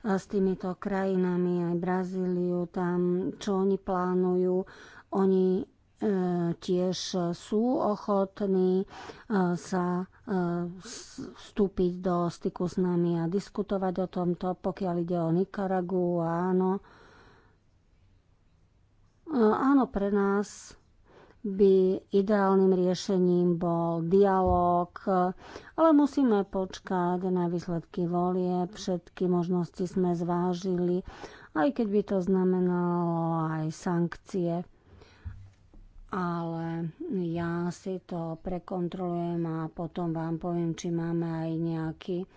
s týmito krajinami, aj Brazíliu, tam, čo oni plánujú, oni e, tiež sú ochotní e, sa e, vstúpiť do styku s nami a diskutovať o tomto, pokiaľ ide o Nikaragu, áno. Áno, pre nás by ideálnym riešením bol dialog, ale musíme počkať na výsledky volie. Všetky možnosti sme zvážili, aj keď by to znamenalo aj sankcie. Ale ja si to prekontrolujem a potom vám poviem, či máme aj nejaký e,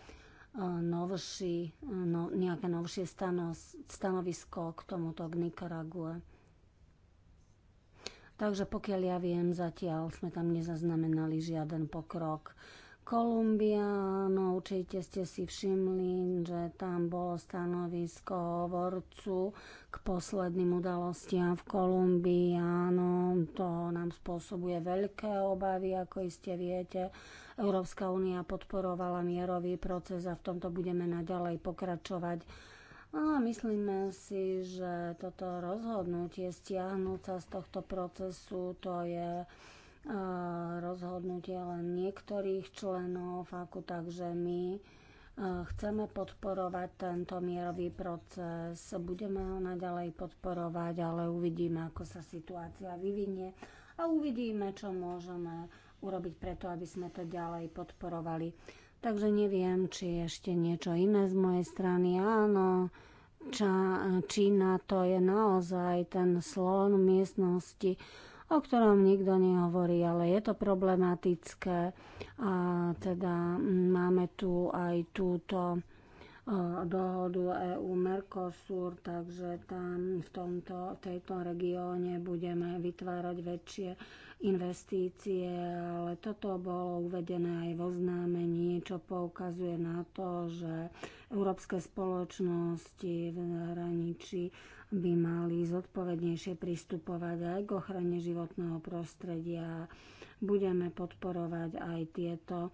novší, no, nejaké novšie stanos, stanovisko k tomuto k Nikarague. Takže pokiaľ ja viem, zatiaľ sme tam nezaznamenali žiaden pokrok. Kolumbia, no určite ste si všimli, že tam bolo stanovisko hovorcu k posledným udalostiam v Kolumbii. Áno, to nám spôsobuje veľké obavy, ako iste viete. Európska únia podporovala mierový proces a v tomto budeme naďalej pokračovať ale myslíme si, že toto rozhodnutie stiahnuť sa z tohto procesu, to je rozhodnutie len niektorých členov ako takže my chceme podporovať tento mierový proces, budeme ho naďalej podporovať, ale uvidíme, ako sa situácia vyvinie a uvidíme, čo môžeme urobiť preto, aby sme to ďalej podporovali. Takže neviem, či ešte niečo iné z mojej strany. Áno, Ča, Čína to je naozaj ten slon miestnosti, o ktorom nikto nehovorí, ale je to problematické. A teda máme tu aj túto e, dohodu EU-Mercosur, takže tam v tomto, tejto regióne budeme vytvárať väčšie investície, ale toto bolo uvedené aj vo známení, čo poukazuje na to, že európske spoločnosti v zahraničí by mali zodpovednejšie pristupovať aj k ochrane životného prostredia. Budeme podporovať aj tieto e,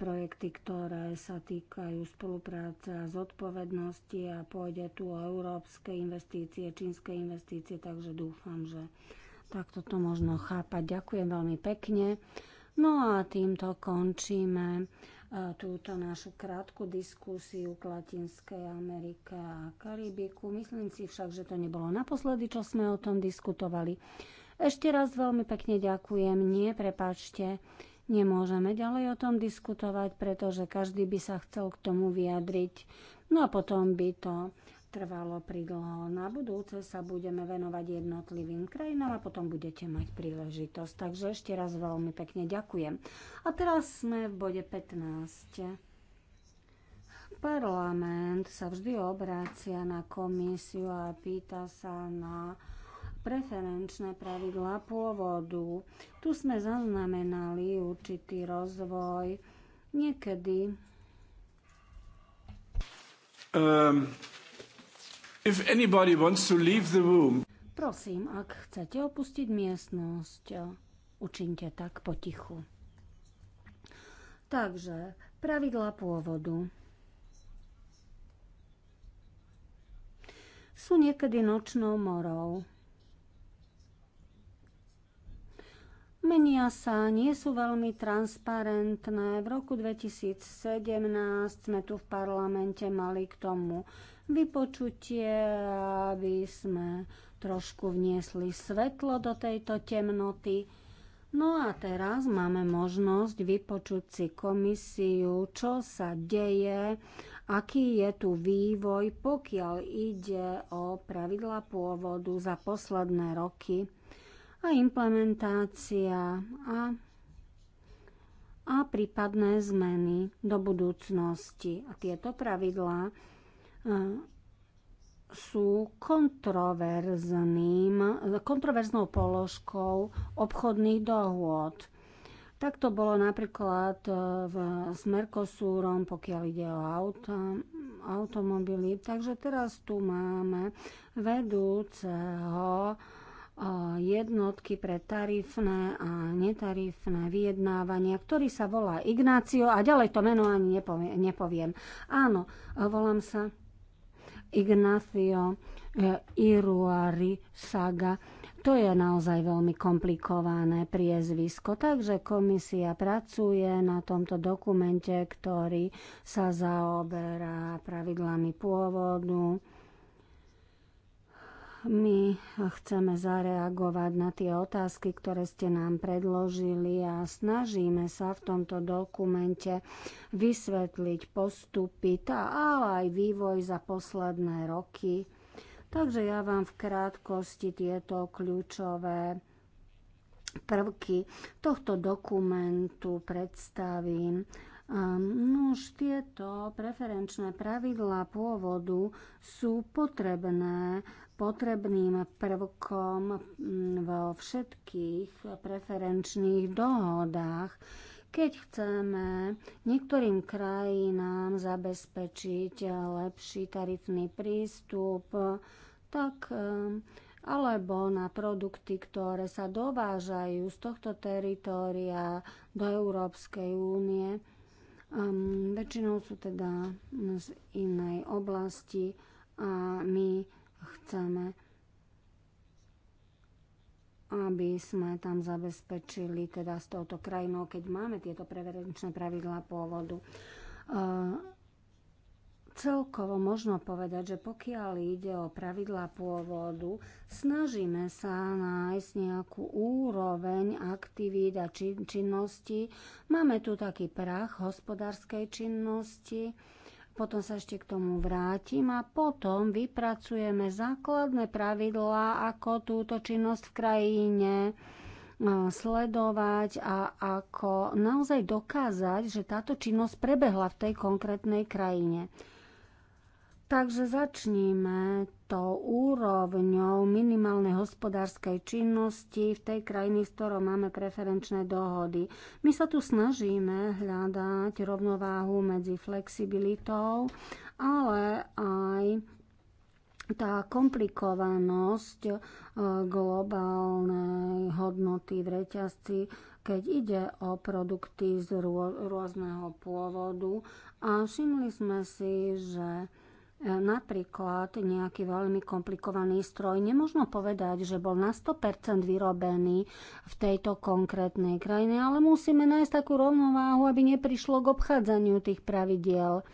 projekty, ktoré sa týkajú spolupráce a zodpovednosti a pôjde tu o európske investície, čínske investície, takže dúfam, že tak toto možno chápať. Ďakujem veľmi pekne. No a týmto končíme e, túto našu krátku diskusiu k Latinskej Amerike a Karibiku. Myslím si však, že to nebolo naposledy, čo sme o tom diskutovali. Ešte raz veľmi pekne ďakujem. Nie, prepáčte, nemôžeme ďalej o tom diskutovať, pretože každý by sa chcel k tomu vyjadriť. No a potom by to trvalo pridlho. Na budúce sa budeme venovať jednotlivým krajinám a potom budete mať príležitosť. Takže ešte raz veľmi pekne ďakujem. A teraz sme v bode 15. Parlament sa vždy obrácia na komisiu a pýta sa na preferenčné pravidlá pôvodu. Tu sme zaznamenali určitý rozvoj. Niekedy um. If anybody wants to leave the room. Prosím, ak chcete opustiť miestnosť, učinte tak potichu. Takže, pravidla pôvodu. Sú niekedy nočnou morou. Menia sa, nie sú veľmi transparentné. V roku 2017 sme tu v parlamente mali k tomu vypočutie, aby sme trošku vniesli svetlo do tejto temnoty. No a teraz máme možnosť vypočuť si komisiu, čo sa deje, aký je tu vývoj, pokiaľ ide o pravidla pôvodu za posledné roky a implementácia a, a prípadné zmeny do budúcnosti. A tieto pravidlá sú kontroverznou položkou obchodných dohôd. Tak to bolo napríklad e, v, s Mercosurom, pokiaľ ide o auta, automobily. Takže teraz tu máme vedúceho e, jednotky pre tarifné a netarifné vyjednávania, ktorý sa volá Ignácio a ďalej to meno ani nepoviem. Áno, volám sa Ignacio e, Iruari Saga. To je naozaj veľmi komplikované priezvisko, takže komisia pracuje na tomto dokumente, ktorý sa zaoberá pravidlami pôvodu, my chceme zareagovať na tie otázky, ktoré ste nám predložili a snažíme sa v tomto dokumente vysvetliť postupy, tá, ale aj vývoj za posledné roky. Takže ja vám v krátkosti tieto kľúčové prvky tohto dokumentu predstavím. Um, ehm, už tieto preferenčné pravidlá pôvodu sú potrebné potrebným prvkom mm, vo všetkých preferenčných dohodách, keď chceme niektorým krajinám zabezpečiť lepší tarifný prístup, tak eh, alebo na produkty, ktoré sa dovážajú z tohto teritória do Európskej únie. Um, väčšinou sú teda z inej oblasti a my Chceme, aby sme tam zabezpečili teda s touto krajinou, keď máme tieto preverenčné pravidlá pôvodu. E, celkovo možno povedať, že pokiaľ ide o pravidlá pôvodu, snažíme sa nájsť nejakú úroveň aktivít a čin- činnosti. Máme tu taký prach hospodárskej činnosti, potom sa ešte k tomu vrátim a potom vypracujeme základné pravidlá, ako túto činnosť v krajine e, sledovať a ako naozaj dokázať, že táto činnosť prebehla v tej konkrétnej krajine. Takže začníme to úrovňou minimálnej hospodárskej činnosti v tej krajine, s ktorou máme preferenčné dohody. My sa tu snažíme hľadať rovnováhu medzi flexibilitou, ale aj tá komplikovanosť e, globálnej hodnoty v reťazci, keď ide o produkty z rôzneho pôvodu. A všimli sme si, že E, napríklad nejaký veľmi komplikovaný stroj nemôžno povedať, že bol na 100% vyrobený v tejto konkrétnej krajine, ale musíme nájsť takú rovnováhu, aby neprišlo k obchádzaniu tých pravidiel.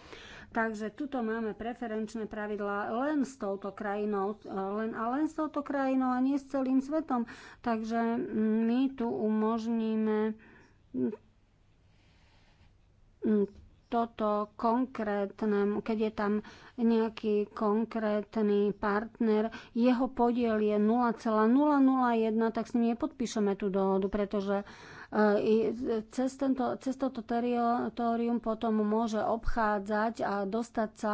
Takže tuto máme preferenčné pravidlá len s touto krajinou, e, len, a len s touto krajinou a nie s celým svetom. Takže mm, my tu umožníme mm, toto konkrétnemu, keď je tam nejaký konkrétny partner, jeho podiel je 0,001, tak s ním nepodpíšeme tú dohodu, pretože cez, tento, cez toto teritorium potom môže obchádzať a dostať sa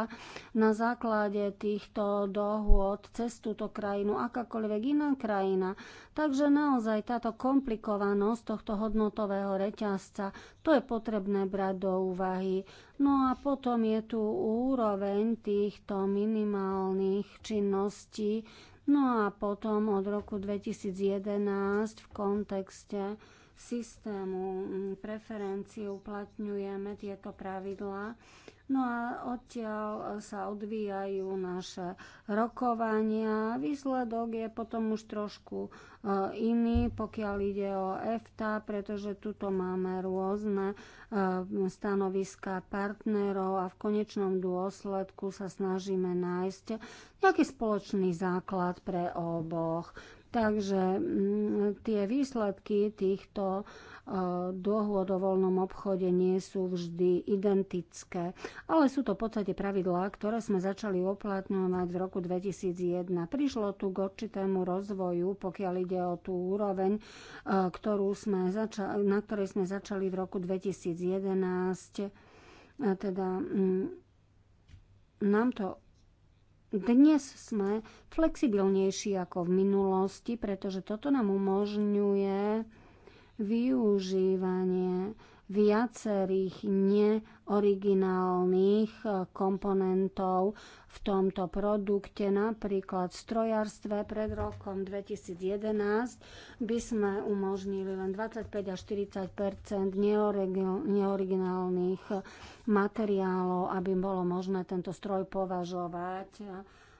na základe týchto dohôd cez túto krajinu, akákoľvek iná krajina. Takže naozaj táto komplikovanosť tohto hodnotového reťazca, to je potrebné brať do úvahy. No a potom je tu úroveň týchto minimálnych činností, no a potom od roku 2011 v kontexte systému mm, preferencií uplatňujeme tieto pravidlá. No a odtiaľ sa odvíjajú naše rokovania. Výsledok je potom už trošku e, iný, pokiaľ ide o EFTA, pretože tuto máme rôzne e, stanoviská partnerov a v konečnom dôsledku sa snažíme nájsť nejaký spoločný základ pre oboch. Takže mm, tie výsledky týchto e, dohôd o voľnom obchode nie sú vždy identické, ale sú to v podstate pravidlá, ktoré sme začali uplatňovať v roku 2001. Prišlo tu k určitému rozvoju, pokiaľ ide o tú úroveň, e, ktorú sme začali, na ktorej sme začali v roku 2011. E, teda mm, nám to dnes sme flexibilnejší ako v minulosti, pretože toto nám umožňuje využívanie viacerých neoriginálnych eh, komponentov v tomto produkte, napríklad v strojarstve pred rokom 2011 by sme umožnili len 25 až 40 neoriginálnych eh, materiálov, aby bolo možné tento stroj považovať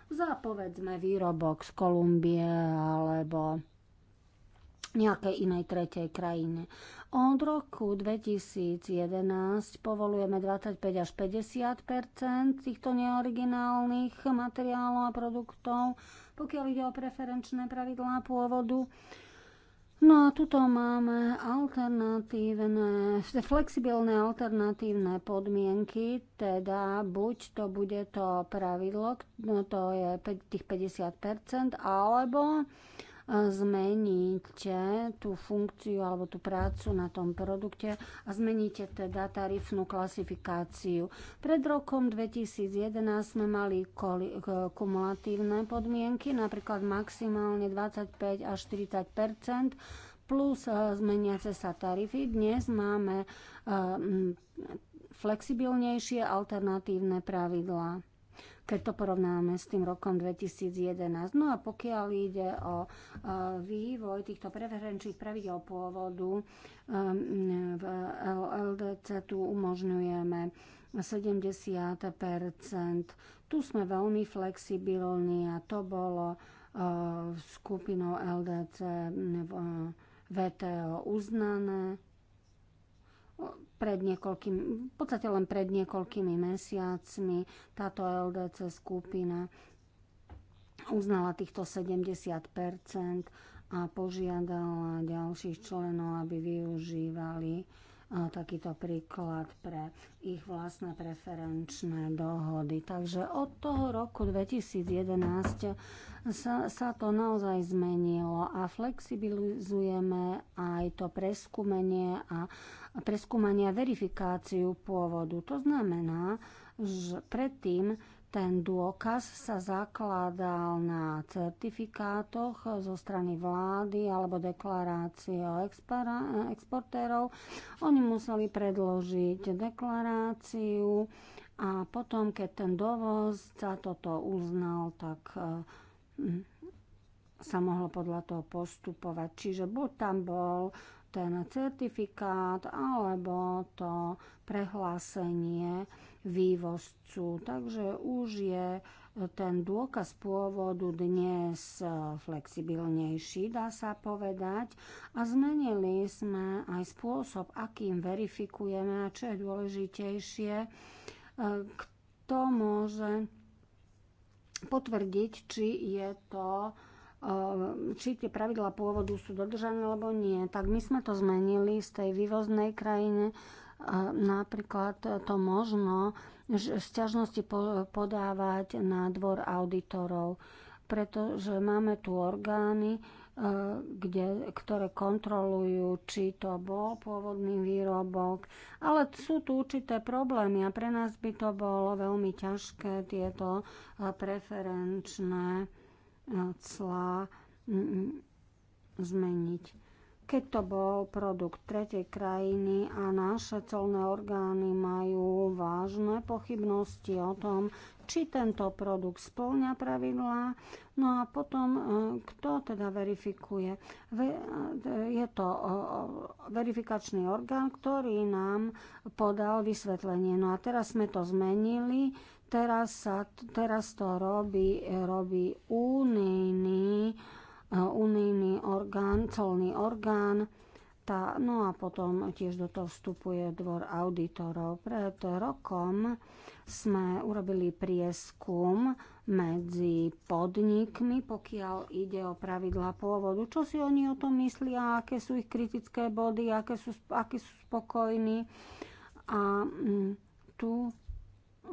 za povedzme výrobok z Kolumbie alebo nejakej inej tretej krajine. Od roku 2011 povolujeme 25 až 50 týchto neoriginálnych materiálov a produktov, pokiaľ ide o preferenčné pravidlá pôvodu. No a tuto máme alternatívne, flexibilné alternatívne podmienky, teda buď to bude to pravidlo, no to je tých 50%, alebo zmeníte tú funkciu alebo tú prácu na tom produkte a zmeníte teda tarifnú klasifikáciu. Pred rokom 2011 sme mali kumulatívne podmienky, napríklad maximálne 25 až 40 plus e, zmeniace sa tarify. Dnes máme e, flexibilnejšie alternatívne pravidlá keď to porovnáme s tým rokom 2011. No a pokiaľ ide o e, vývoj týchto preferenčných pravidel pôvodu e, v LDC, tu umožňujeme 70 Tu sme veľmi flexibilní a to bolo e, skupinou LDC VTO uznané pred niekoľkými, v podstate len pred niekoľkými mesiacmi táto LDC skupina uznala týchto 70 a požiadala ďalších členov, aby využívali takýto príklad pre ich vlastné preferenčné dohody. Takže od toho roku 2011 sa, sa to naozaj zmenilo a flexibilizujeme aj to preskúmenie a preskúmanie a verifikáciu pôvodu. To znamená, že predtým ten dôkaz sa zakladal na certifikátoch zo strany vlády alebo deklarácie o exportérov. Oni museli predložiť deklaráciu a potom, keď ten dovoz sa toto uznal, tak e, sa mohlo podľa toho postupovať. Čiže buď tam bol ten certifikát alebo to prehlásenie vývozcu. Takže už je ten dôkaz pôvodu dnes flexibilnejší, dá sa povedať. A zmenili sme aj spôsob, akým verifikujeme a čo je dôležitejšie, e, kto môže potvrdiť, či je to Ehm, či tie pravidlá pôvodu sú dodržané alebo nie. Tak my sme to zmenili z tej vývoznej krajine. Ehm, napríklad to možno sťažnosti podávať na dvor auditorov, pretože máme tu orgány, ehm, kde, ktoré kontrolujú, či to bol pôvodný výrobok. Ale sú tu určité problémy a pre nás by to bolo veľmi ťažké tieto preferenčné clá zmeniť. Keď to bol produkt tretej krajiny a naše colné orgány majú vážne pochybnosti o tom, či tento produkt splňa pravidlá, no a potom e, kto teda verifikuje? E, je to e, verifikačný orgán, ktorý nám podal vysvetlenie. No a teraz sme to zmenili, Teraz, sa, teraz to robí, robí unijný, eh, unijný orgán, colný orgán. Tá, no a potom tiež do toho vstupuje dvor auditorov. Pred rokom sme urobili prieskum medzi podnikmi, pokiaľ ide o pravidlá pôvodu. Čo si oni o tom myslia, aké sú ich kritické body, aké sú, aké sú spokojní. A mm, tu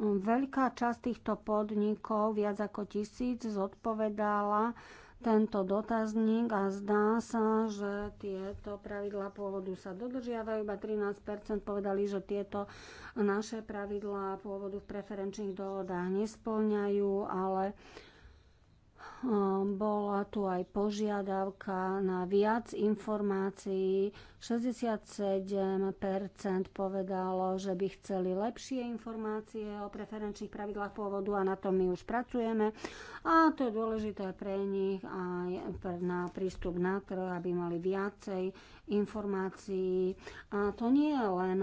Veľká časť týchto podnikov, viac ako tisíc, zodpovedala tento dotazník a zdá sa, že tieto pravidlá pôvodu sa dodržiavajú. Iba 13% povedali, že tieto naše pravidlá pôvodu v preferenčných dohodách nesplňajú, ale eh, bola tu aj požiadavka na viac informácií, 67% povedalo, že by chceli lepšie informácie o preferenčných pravidlách pôvodu a na tom my už pracujeme. A to je dôležité pre nich aj na prístup na trh, aby mali viacej informácií. A to nie je len,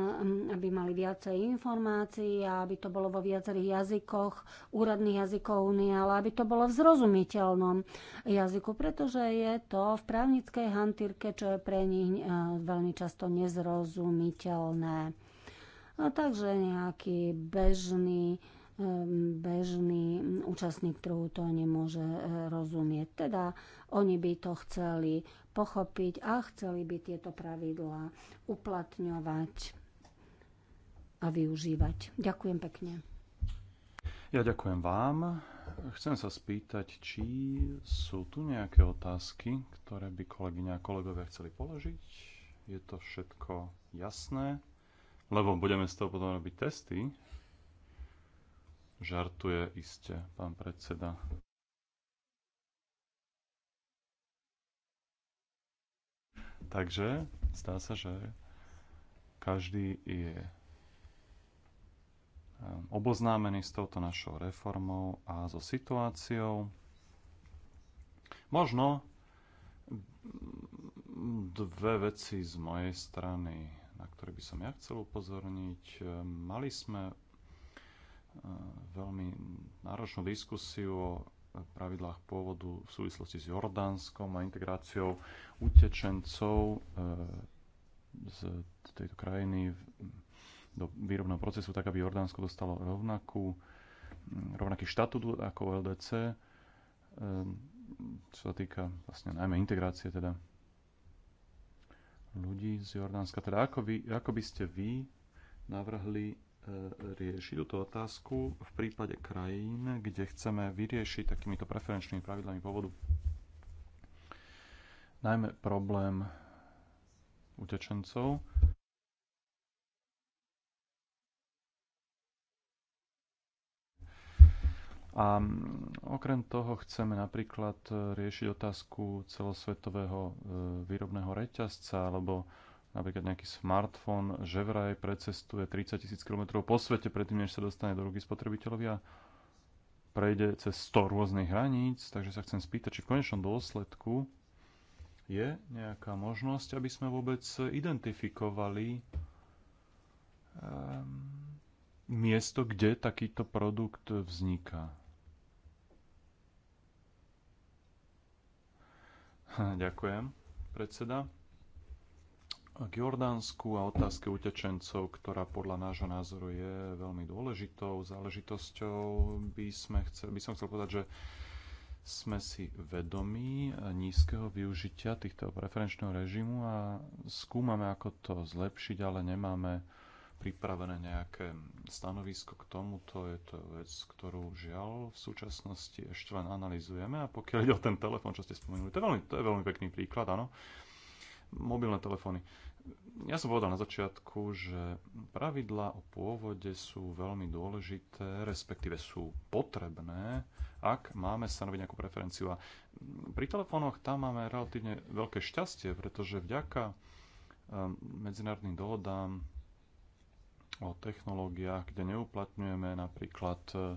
aby mali viacej informácií a aby to bolo vo viacerých jazykoch, úradných jazykov únie, ale aby to bolo v zrozumiteľnom jazyku, pretože je to v právnickej hantýrke, čo je pre nich e, veľmi často nezrozumiteľné. A takže nejaký bežný bežný účastník trhu to nemôže e, rozumieť. Teda oni by to chceli pochopiť a chceli by tieto pravidlá uplatňovať a využívať. Ďakujem pekne. Ja ďakujem vám. Chcem sa spýtať, či sú tu nejaké otázky, ktoré by kolegyňa a kolegovia chceli položiť je to všetko jasné, lebo budeme z toho potom robiť testy. Žartuje iste pán predseda. Takže zdá sa, že každý je um, oboznámený s touto našou reformou a so situáciou. Možno dve veci z mojej strany, na ktoré by som ja chcel upozorniť. E, mali sme e, veľmi náročnú diskusiu o pravidlách pôvodu v súvislosti s Jordánskom a integráciou utečencov e, z tejto krajiny do výrobného procesu, tak aby Jordánsko dostalo rovnakú, mm, rovnaký štatút ako LDC, čo sa týka vlastne najmä integrácie teda ľudí z Jordánska. Teda ako, vy, ako by ste vy navrhli e, riešiť túto otázku v prípade krajín, kde chceme vyriešiť takýmito preferenčnými pravidlami povodu? najmä problém utečencov A mm, okrem toho chceme napríklad e, riešiť otázku celosvetového e, výrobného reťazca alebo napríklad nejaký smartfón, že vraj precestuje 30 tisíc km po svete predtým, než sa dostane do ruky spotrebiteľovia, prejde cez 100 rôznych hraníc, takže sa chcem spýtať, či v konečnom dôsledku je nejaká možnosť, aby sme vôbec identifikovali um, miesto, kde takýto produkt vzniká. Ďakujem, predseda. K Jordánsku a otázke utečencov, ktorá podľa nášho názoru je veľmi dôležitou záležitosťou, by, sme chcel, by som chcel povedať, že sme si vedomí nízkeho využitia týchto preferenčného režimu a skúmame, ako to zlepšiť, ale nemáme pripravené nejaké stanovisko k tomuto. Je to vec, ktorú žiaľ v súčasnosti ešte len analizujeme. A pokiaľ ide o ten telefón, čo ste spomenuli, to je veľmi, to je veľmi pekný príklad, áno. Mobilné telefóny. Ja som povedal na začiatku, že pravidlá o pôvode sú veľmi dôležité, respektíve sú potrebné, ak máme stanoviť nejakú preferenciu. A pri telefónoch tam máme relatívne veľké šťastie, pretože vďaka ehm, medzinárodným dohodám o technológiách, kde neuplatňujeme napríklad e,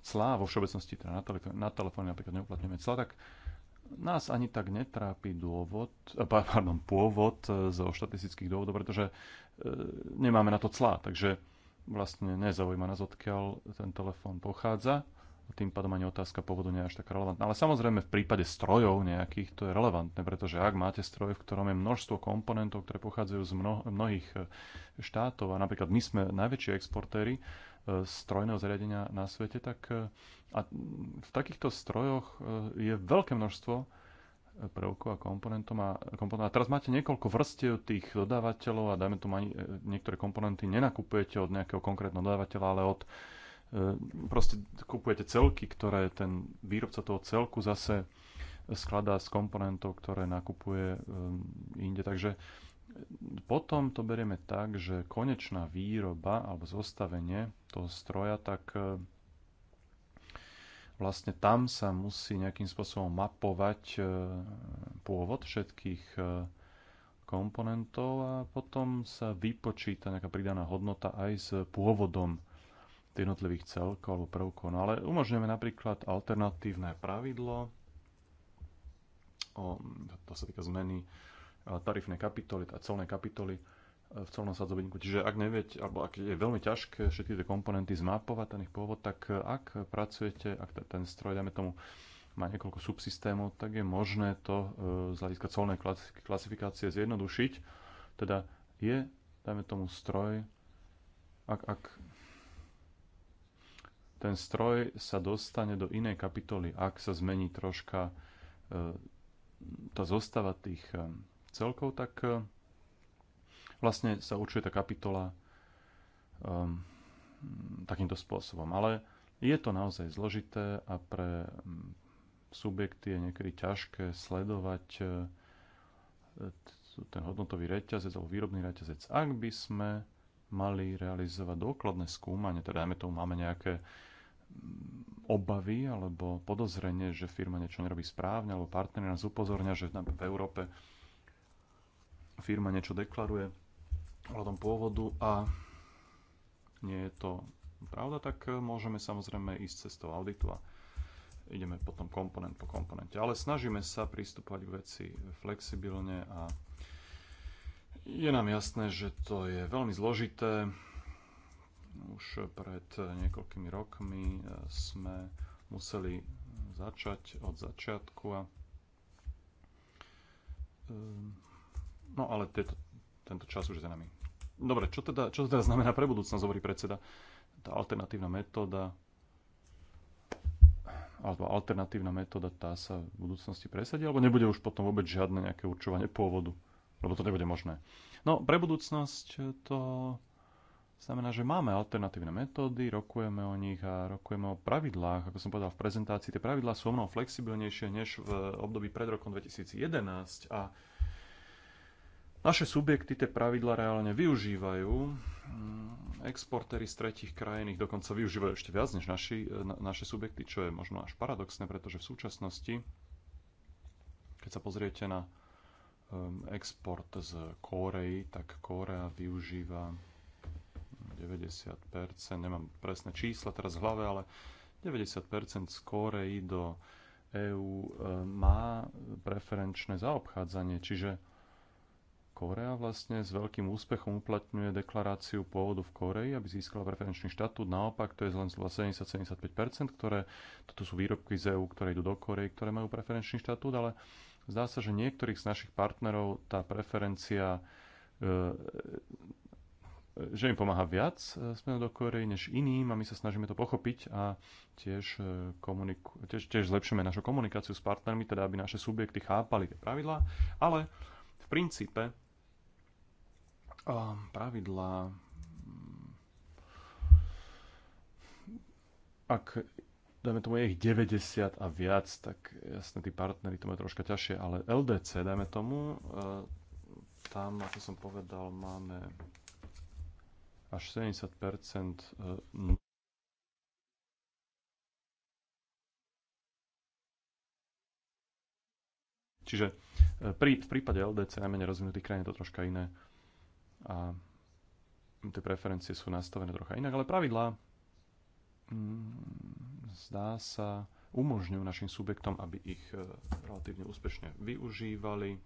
clá, vo všeobecnosti teda na, telefóne, na telefóne napríklad neuplatňujeme clá, tak nás ani tak netrápi dôvod, e, pardon, pôvod e, zo štatistických dôvodov, pretože nemáme na to clá, takže vlastne nezaujíma nás, odkiaľ ten telefón pochádza tým pádom ani otázka pôvodu nie je až tak relevantná. Ale samozrejme v prípade strojov nejakých to je relevantné, pretože ak máte stroj, v ktorom je množstvo komponentov, ktoré pochádzajú z mno- mnohých e, štátov a napríklad my sme najväčší exportéry e, strojného zariadenia na svete, tak e, a v takýchto strojoch je veľké množstvo prvkov a komponentov a, komponentov. a teraz máte niekoľko vrstiev tých dodávateľov a dajme tomu ani niektoré komponenty nenakupujete od nejakého konkrétneho dodávateľa, ale od E, proste kupujete celky, ktoré ten výrobca toho celku zase skladá z komponentov, ktoré nakupuje e, inde. Takže potom to berieme tak, že konečná výroba alebo zostavenie toho stroja, tak e, vlastne tam sa musí nejakým spôsobom mapovať pôvod všetkých komponentov a potom sa vypočíta nejaká pridaná hodnota aj s pôvodom jednotlivých celkov alebo prvkov. No ale umožňujeme napríklad alternatívne pravidlo, o, to sa týka zmeny e, tarifnej kapitoly a teda celnej kapitoly e, v celnom sadzobníku. Čiže ak neviete, alebo ak je veľmi ťažké všetky tie komponenty zmapovať, ten ich pôvod, tak e, ak pracujete, ak ten stroj, dajme tomu, má niekoľko subsystémov, tak je možné to z hľadiska colnej klasifikácie zjednodušiť. Teda je, dajme tomu, stroj, ak, ak ten stroj sa dostane do inej kapitoly, ak sa zmení troška e, tá zostava tých e, celkov, tak e, vlastne sa určuje tá kapitola um, takýmto spôsobom. Ale je to naozaj zložité a pre subjekty je niekedy ťažké sledovať ten hodnotový reťazec alebo výrobný reťazec. Ak by sme mali realizovať dôkladné skúmanie, teda dajme tomu máme nejaké mm, obavy alebo podozrenie, že firma niečo nerobí správne, alebo partner nás upozornia, že v Európe firma niečo deklaruje tom pôvodu a nie je to pravda, tak e, môžeme samozrejme ísť cestou auditu a ideme potom komponent po komponente. Ale snažíme sa pristupovať k veci flexibilne a je nám jasné, že to je veľmi zložité. Už pred niekoľkými rokmi e, sme museli začať od začiatku a e, no ale tieto, tento čas už je za nami. Dobre, čo teda, čo teda znamená pre budúcnosť, hovorí predseda? Tá alternatívna metóda alebo alternatívna metóda, tá sa v budúcnosti presadí, alebo nebude už potom vôbec žiadne nejaké určovanie pôvodu? lebo to nebude možné. No, pre budúcnosť to znamená, že máme alternatívne metódy, rokujeme o nich a rokujeme o pravidlách. Ako som povedal v prezentácii, tie pravidlá sú mnoho flexibilnejšie než v období pred rokom 2011 a naše subjekty tie pravidla reálne využívajú. Mm, exportéry z tretich krajín ich dokonca využívajú ešte viac než naši, na, naše subjekty, čo je možno až paradoxné, pretože v súčasnosti, keď sa pozriete na Um, export z Kórey, tak Kórea využíva 90%, nemám presné čísla teraz v hlave, ale 90% z Kórey do EÚ e, má preferenčné zaobchádzanie, čiže Kórea vlastne s veľkým úspechom uplatňuje deklaráciu pôvodu v Kórei, aby získala preferenčný štatút. Naopak, to je len 70-75%, ktoré, toto sú výrobky z EÚ, ktoré idú do Korei, ktoré majú preferenčný štatút, ale Zdá sa, že niektorých z našich partnerov tá preferencia, e, e, že im pomáha viac e, smerom do Korei než iným a my sa snažíme to pochopiť a tiež, komuniku- tiež, tiež zlepšíme našu komunikáciu s partnermi, teda aby naše subjekty chápali tie pravidlá, ale v princípe pravidlá ak dajme tomu je ich 90 a viac, tak jasne tí partnery to majú troška ťažšie, ale LDC, dajme tomu, e, tam, ako som povedal, máme až 70 e, Čiže e, pri, v prípade LDC najmenej rozvinutých krajín je to troška iné a tie preferencie sú nastavené trocha inak, ale pravidlá mm, zdá sa, umožňujú našim subjektom, aby ich e, relatívne úspešne využívali.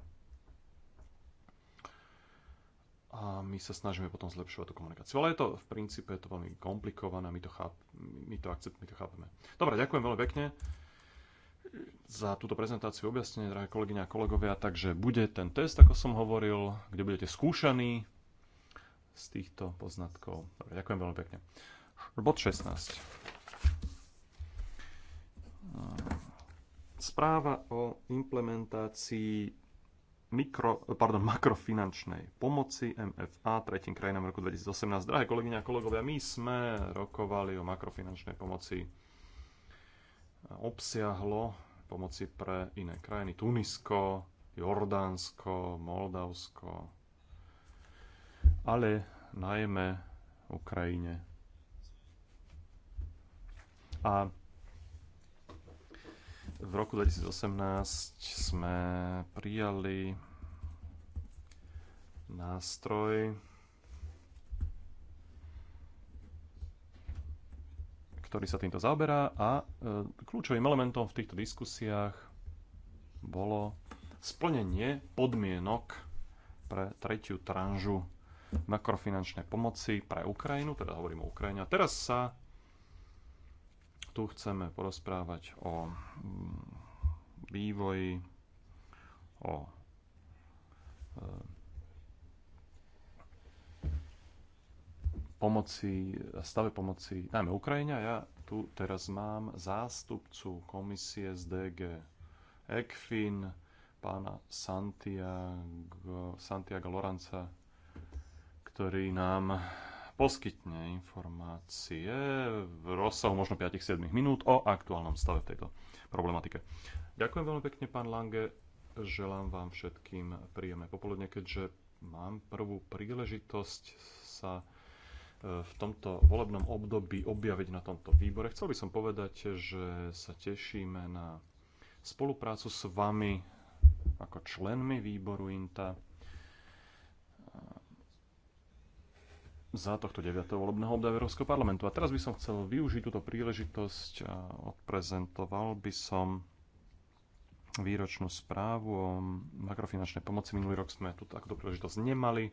A my sa snažíme potom zlepšovať tú komunikáciu. Ale je to v princípe je to veľmi komplikované, my to, cháp, my to, akcept, my to chápeme. Dobre, ďakujem veľmi pekne za túto prezentáciu objasnenie, drahé kolegyne a kolegovia. Takže bude ten test, ako som hovoril, kde budete skúšaní z týchto poznatkov. Dobre, ďakujem veľmi pekne. Bod 16. Správa o implementácii mikro, pardon, makrofinančnej pomoci MFA tretím krajinám roku 2018. Drahé kolegyne a kolegovia, my sme rokovali o makrofinančnej pomoci obsiahlo pomoci pre iné krajiny. Tunisko, Jordánsko, Moldavsko, ale najmä Ukrajine. A v roku 2018 sme prijali nástroj, ktorý sa týmto zaoberá a e, kľúčovým elementom v týchto diskusiách bolo splnenie podmienok pre tretiu tranžu makrofinančnej pomoci pre Ukrajinu, teda hovorím o Ukrajine. A teraz sa tu chceme porozprávať o mm, vývoji, o e, pomoci, stave pomoci najmä Ukrajina. Ja tu teraz mám zástupcu komisie z DG ECFIN, pána Santiago, Santiago Loranca, ktorý nám poskytne informácie v rozsahu možno 5-7 minút o aktuálnom stave v tejto problematike. Ďakujem veľmi pekne, pán Lange. Želám vám všetkým príjemné popoludne, keďže mám prvú príležitosť sa e, v tomto volebnom období objaviť na tomto výbore. Chcel by som povedať, že sa tešíme na spoluprácu s vami ako členmi výboru INTA za tohto 9. volebného obdobia Európskeho parlamentu. A teraz by som chcel využiť túto príležitosť a odprezentoval by som výročnú správu o makrofinančnej pomoci. Minulý rok sme tu takúto príležitosť nemali,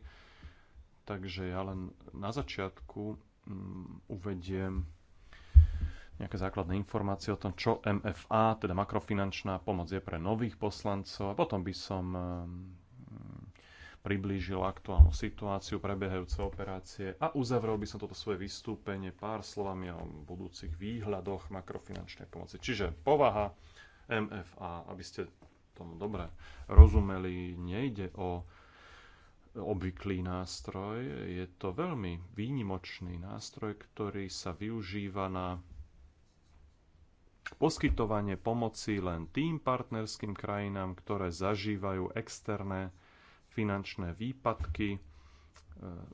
takže ja len na začiatku mm, uvediem nejaké základné informácie o tom, čo MFA, teda makrofinančná pomoc je pre nových poslancov a potom by som mm, priblížil aktuálnu situáciu, prebiehajúce operácie a uzavrel by som toto svoje vystúpenie pár slovami o budúcich výhľadoch makrofinančnej pomoci. Čiže povaha MFA, aby ste tomu dobre rozumeli, nejde o obvyklý nástroj. Je to veľmi výnimočný nástroj, ktorý sa využíva na poskytovanie pomoci len tým partnerským krajinám, ktoré zažívajú externé finančné výpadky e,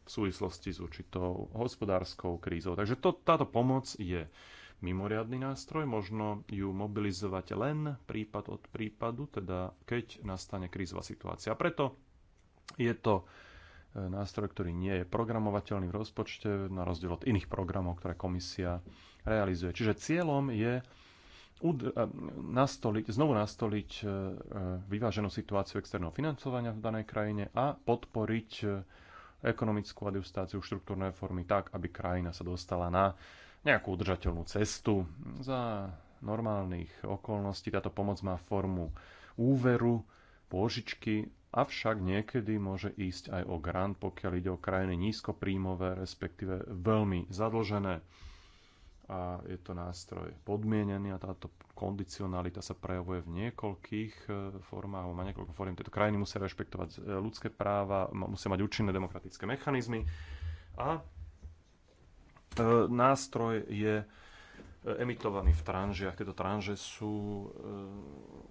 v súvislosti s určitou hospodárskou krízou. Takže to, táto pomoc je mimoriadný nástroj, možno ju mobilizovať len prípad od prípadu, teda keď nastane krízová situácia. Preto je to e, nástroj, ktorý nie je programovateľný v rozpočte, na rozdiel od iných programov, ktoré komisia realizuje. Čiže cieľom je nastoliť, znovu nastoliť e, e, vyváženú situáciu externého financovania v danej krajine a podporiť e, ekonomickú adjustáciu štruktúrnej formy tak, aby krajina sa dostala na nejakú udržateľnú cestu. Za normálnych okolností táto pomoc má formu úveru, pôžičky, avšak niekedy môže ísť aj o grant, pokiaľ ide o krajiny nízkopríjmové, respektíve veľmi zadlžené a je to nástroj podmienený a táto kondicionalita sa prejavuje v niekoľkých e, formách, má niekoľko fóriem. Tieto krajiny musia rešpektovať e, ľudské práva, musia mať účinné demokratické mechanizmy a e, nástroj je emitovaný v tranžiach. Tieto tranže sú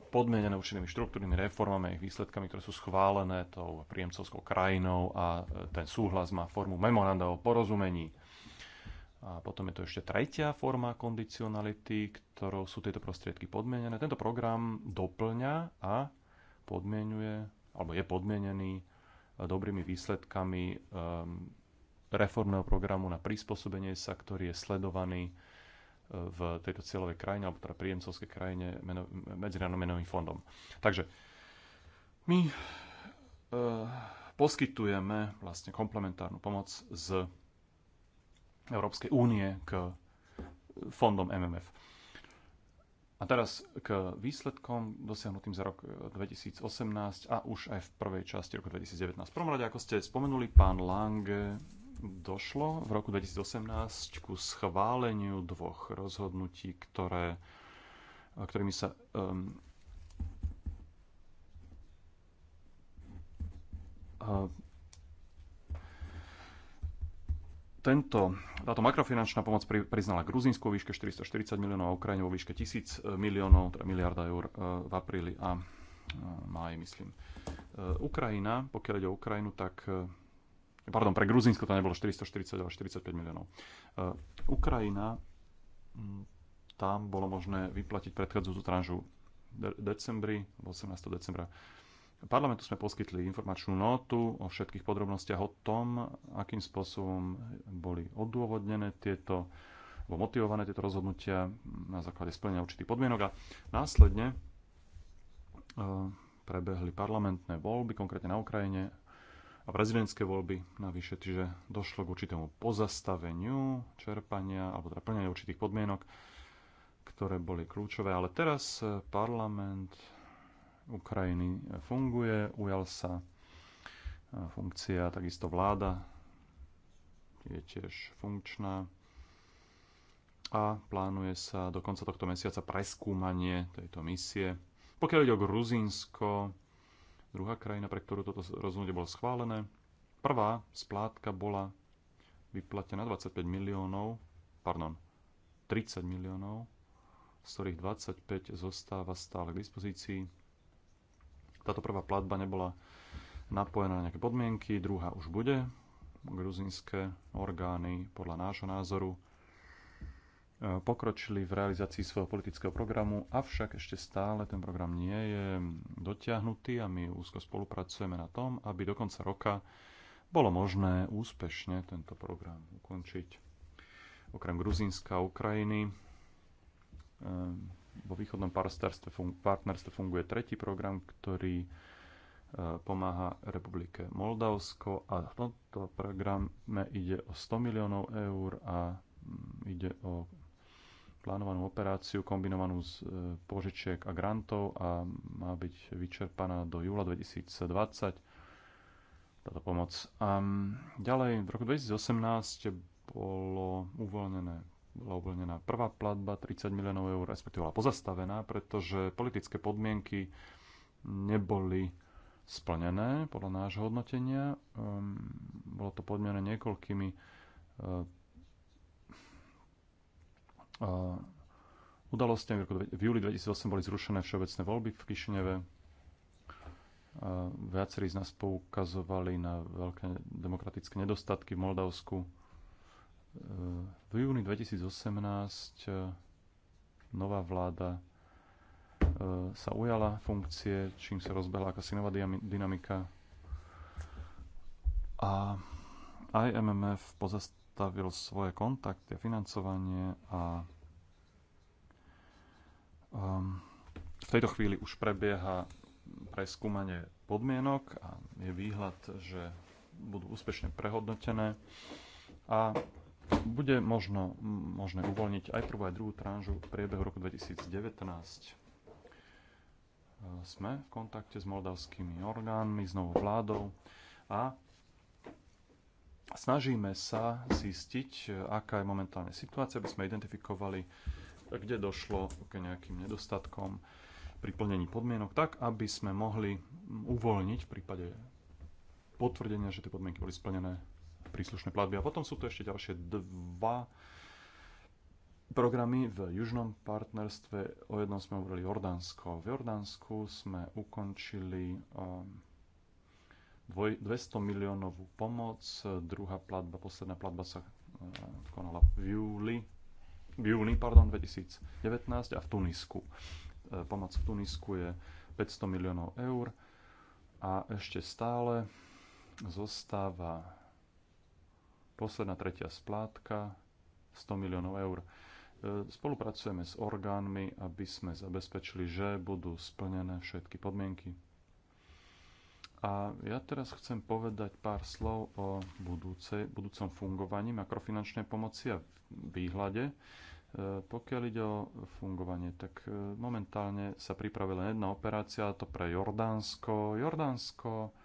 podmienené určitými štruktúrnymi reformami a ich výsledkami, ktoré sú schválené tou príjemcovskou krajinou a ten súhlas má formu memoranda o porozumení a potom je tu ešte tretia forma kondicionality, ktorou sú tieto prostriedky podmienené. Tento program doplňa a podmienuje, alebo je podmienený e, dobrými výsledkami e, reformného programu na prispôsobenie sa, ktorý je sledovaný e, v tejto cieľovej krajine, alebo teda príjemcovskej krajine Medzinárodným menovým fondom. Takže my poskytujeme vlastne komplementárnu pomoc z Európskej únie k fondom MMF. A teraz k výsledkom dosiahnutým za rok 2018 eh, a už aj v prvej časti roku 2019. V prvom rade, ako ste spomenuli, pán Lange došlo v roku 2018 ku schváleniu dvoch rozhodnutí, ktoré, eh, ktorými sa um, tento, táto makrofinančná pomoc pri, priznala Gruzínsku vo výške 440 miliónov a Ukrajine vo výške 1000 e, miliónov, teda miliarda eur e, v apríli a e, máji, myslím. Ukrajina, pokiaľ ide o Ukrajinu, tak pardon, pre Gruzínsko to nebolo 440, ale 45 miliónov. Ukrajina, tam bolo možné vyplatiť predchádzajúcu tranžu de- decembri, 18. decembra Parlamentu sme poskytli informačnú notu o všetkých podrobnostiach o tom, akým spôsobom boli odôvodnené tieto alebo motivované tieto rozhodnutia na základe splnenia určitých podmienok a následne e, prebehli parlamentné voľby, konkrétne na Ukrajine a prezidentské voľby navyše, čiže došlo k určitému pozastaveniu čerpania alebo teda plnenia určitých podmienok, ktoré boli kľúčové. Ale teraz e, parlament Ukrajiny funguje, ujal sa e, funkcia, takisto vláda je tiež funkčná a plánuje sa do konca tohto mesiaca preskúmanie tejto misie. Pokiaľ ide o Gruzínsko, druhá krajina, pre ktorú toto rozhodnutie bolo schválené, prvá splátka bola vyplatená 25 miliónov, pardon, 30 miliónov, z ktorých 25 zostáva stále k dispozícii táto prvá platba nebola napojená na nejaké podmienky, druhá už bude. gruzinské orgány podľa nášho názoru e, pokročili v realizácii svojho politického programu, avšak ešte stále ten program nie je dotiahnutý a my úzko spolupracujeme na tom, aby do konca roka bolo možné úspešne tento program ukončiť. Okrem Gruzínska a Ukrajiny e, vo východnom partnerstve, partnerstve funguje tretí program, ktorý e, pomáha Republike Moldavsko a v tomto programe ide o 100 miliónov eur a mm, ide o plánovanú operáciu kombinovanú z e, požičiek a grantov a má byť vyčerpaná do júla 2020 táto pomoc. A ďalej, v roku 2018 bolo uvoľnené bola uvoľnená prvá platba 30 miliónov eur, respektíve bola pozastavená, pretože politické podmienky neboli splnené podľa nášho hodnotenia. Um, bolo to podmienené niekoľkými uh, uh, udalostiami. V, roku, v júli 2008 boli zrušené všeobecné voľby v Kišineve. Uh, viacerí z nás poukazovali na veľké demokratické nedostatky v Moldavsku v júni 2018 eh, nová vláda eh, sa ujala funkcie, čím sa rozbehla akási nová dynamika a aj MMF pozastavil svoje kontakty a financovanie a ehm, v tejto chvíli už prebieha preskúmanie podmienok a je výhľad, že budú úspešne prehodnotené a bude možno, možné uvoľniť aj prvú, aj druhú tranžu v priebehu roku 2019. E, sme v kontakte s moldavskými orgánmi, s novou vládou a snažíme sa zistiť, e, aká je momentálne situácia, aby sme identifikovali, kde došlo k nejakým nedostatkom pri plnení podmienok, tak aby sme mohli uvoľniť v prípade potvrdenia, že tie podmienky boli splnené príslušné platby. A potom sú tu ešte ďalšie dva programy v južnom partnerstve. O jednom sme hovorili Jordánsko. V Jordánsku sme ukončili 200 um, miliónovú pomoc. Druhá platba, posledná platba sa um, konala v júli, v júni pardon, 2019 a v Tunisku. E, pomoc v Tunisku je 500 miliónov eur a ešte stále zostáva posledná tretia splátka 100 miliónov eur. E, spolupracujeme s orgánmi, aby sme zabezpečili, že budú splnené všetky podmienky. A ja teraz chcem povedať pár slov o budúce, budúcom fungovaní makrofinančnej pomoci a výhľade. E, pokiaľ ide o fungovanie, tak e, momentálne sa pripravila jedna operácia, a to pre Jordánsko. Jordánsko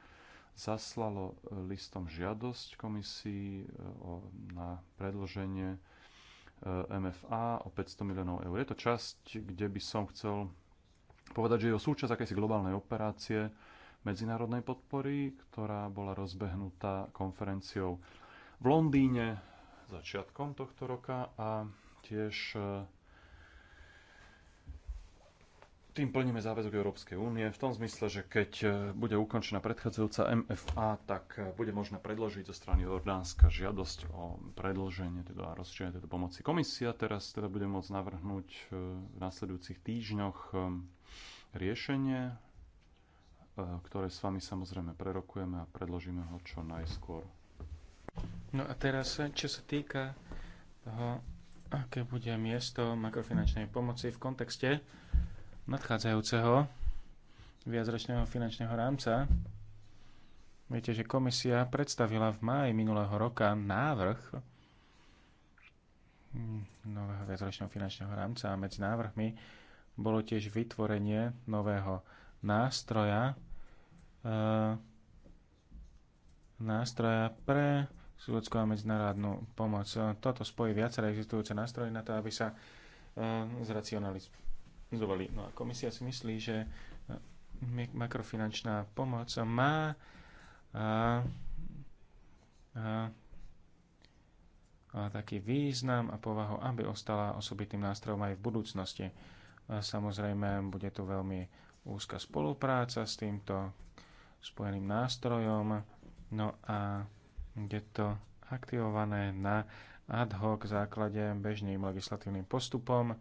zaslalo e, listom žiadosť komisii e, o, na predloženie e, MFA o 500 miliónov eur. Je to časť, kde by som chcel povedať, že je o súčasť akejsi globálnej operácie medzinárodnej podpory, ktorá bola rozbehnutá konferenciou v Londýne začiatkom tohto roka a tiež tým plníme záväzok Európskej únie v tom zmysle, že keď e, bude ukončená predchádzajúca MFA, tak e, bude možné predložiť zo strany Jordánska žiadosť o predlženie teda a rozšírenie tejto pomoci. Komisia teraz teda bude môcť navrhnúť e, v nasledujúcich týždňoch riešenie, ktoré s vami samozrejme prerokujeme a predložíme ho čo najskôr. No a teraz, čo sa týka toho, aké bude miesto makrofinančnej pomoci v kontexte nadchádzajúceho viacročného finančného rámca. Viete, že komisia predstavila v máji minulého roka návrh hm, nového viacročného finančného rámca a medzi návrhmi bolo tiež vytvorenie nového nástroja e, nástroja pre súdskú a medzinárodnú pomoc. Toto spojí viaceré existujúce nástroje na to, aby sa e, zracionalizovali zvolí. No a komisia si myslí, že e, makrofinančná pomoc má a, a, a taký význam a povahu, aby ostala osobitým nástrojom aj v budúcnosti. A samozrejme, bude tu veľmi úzka spolupráca s týmto spojeným nástrojom. No a je to aktivované na ad hoc základe bežným legislatívnym postupom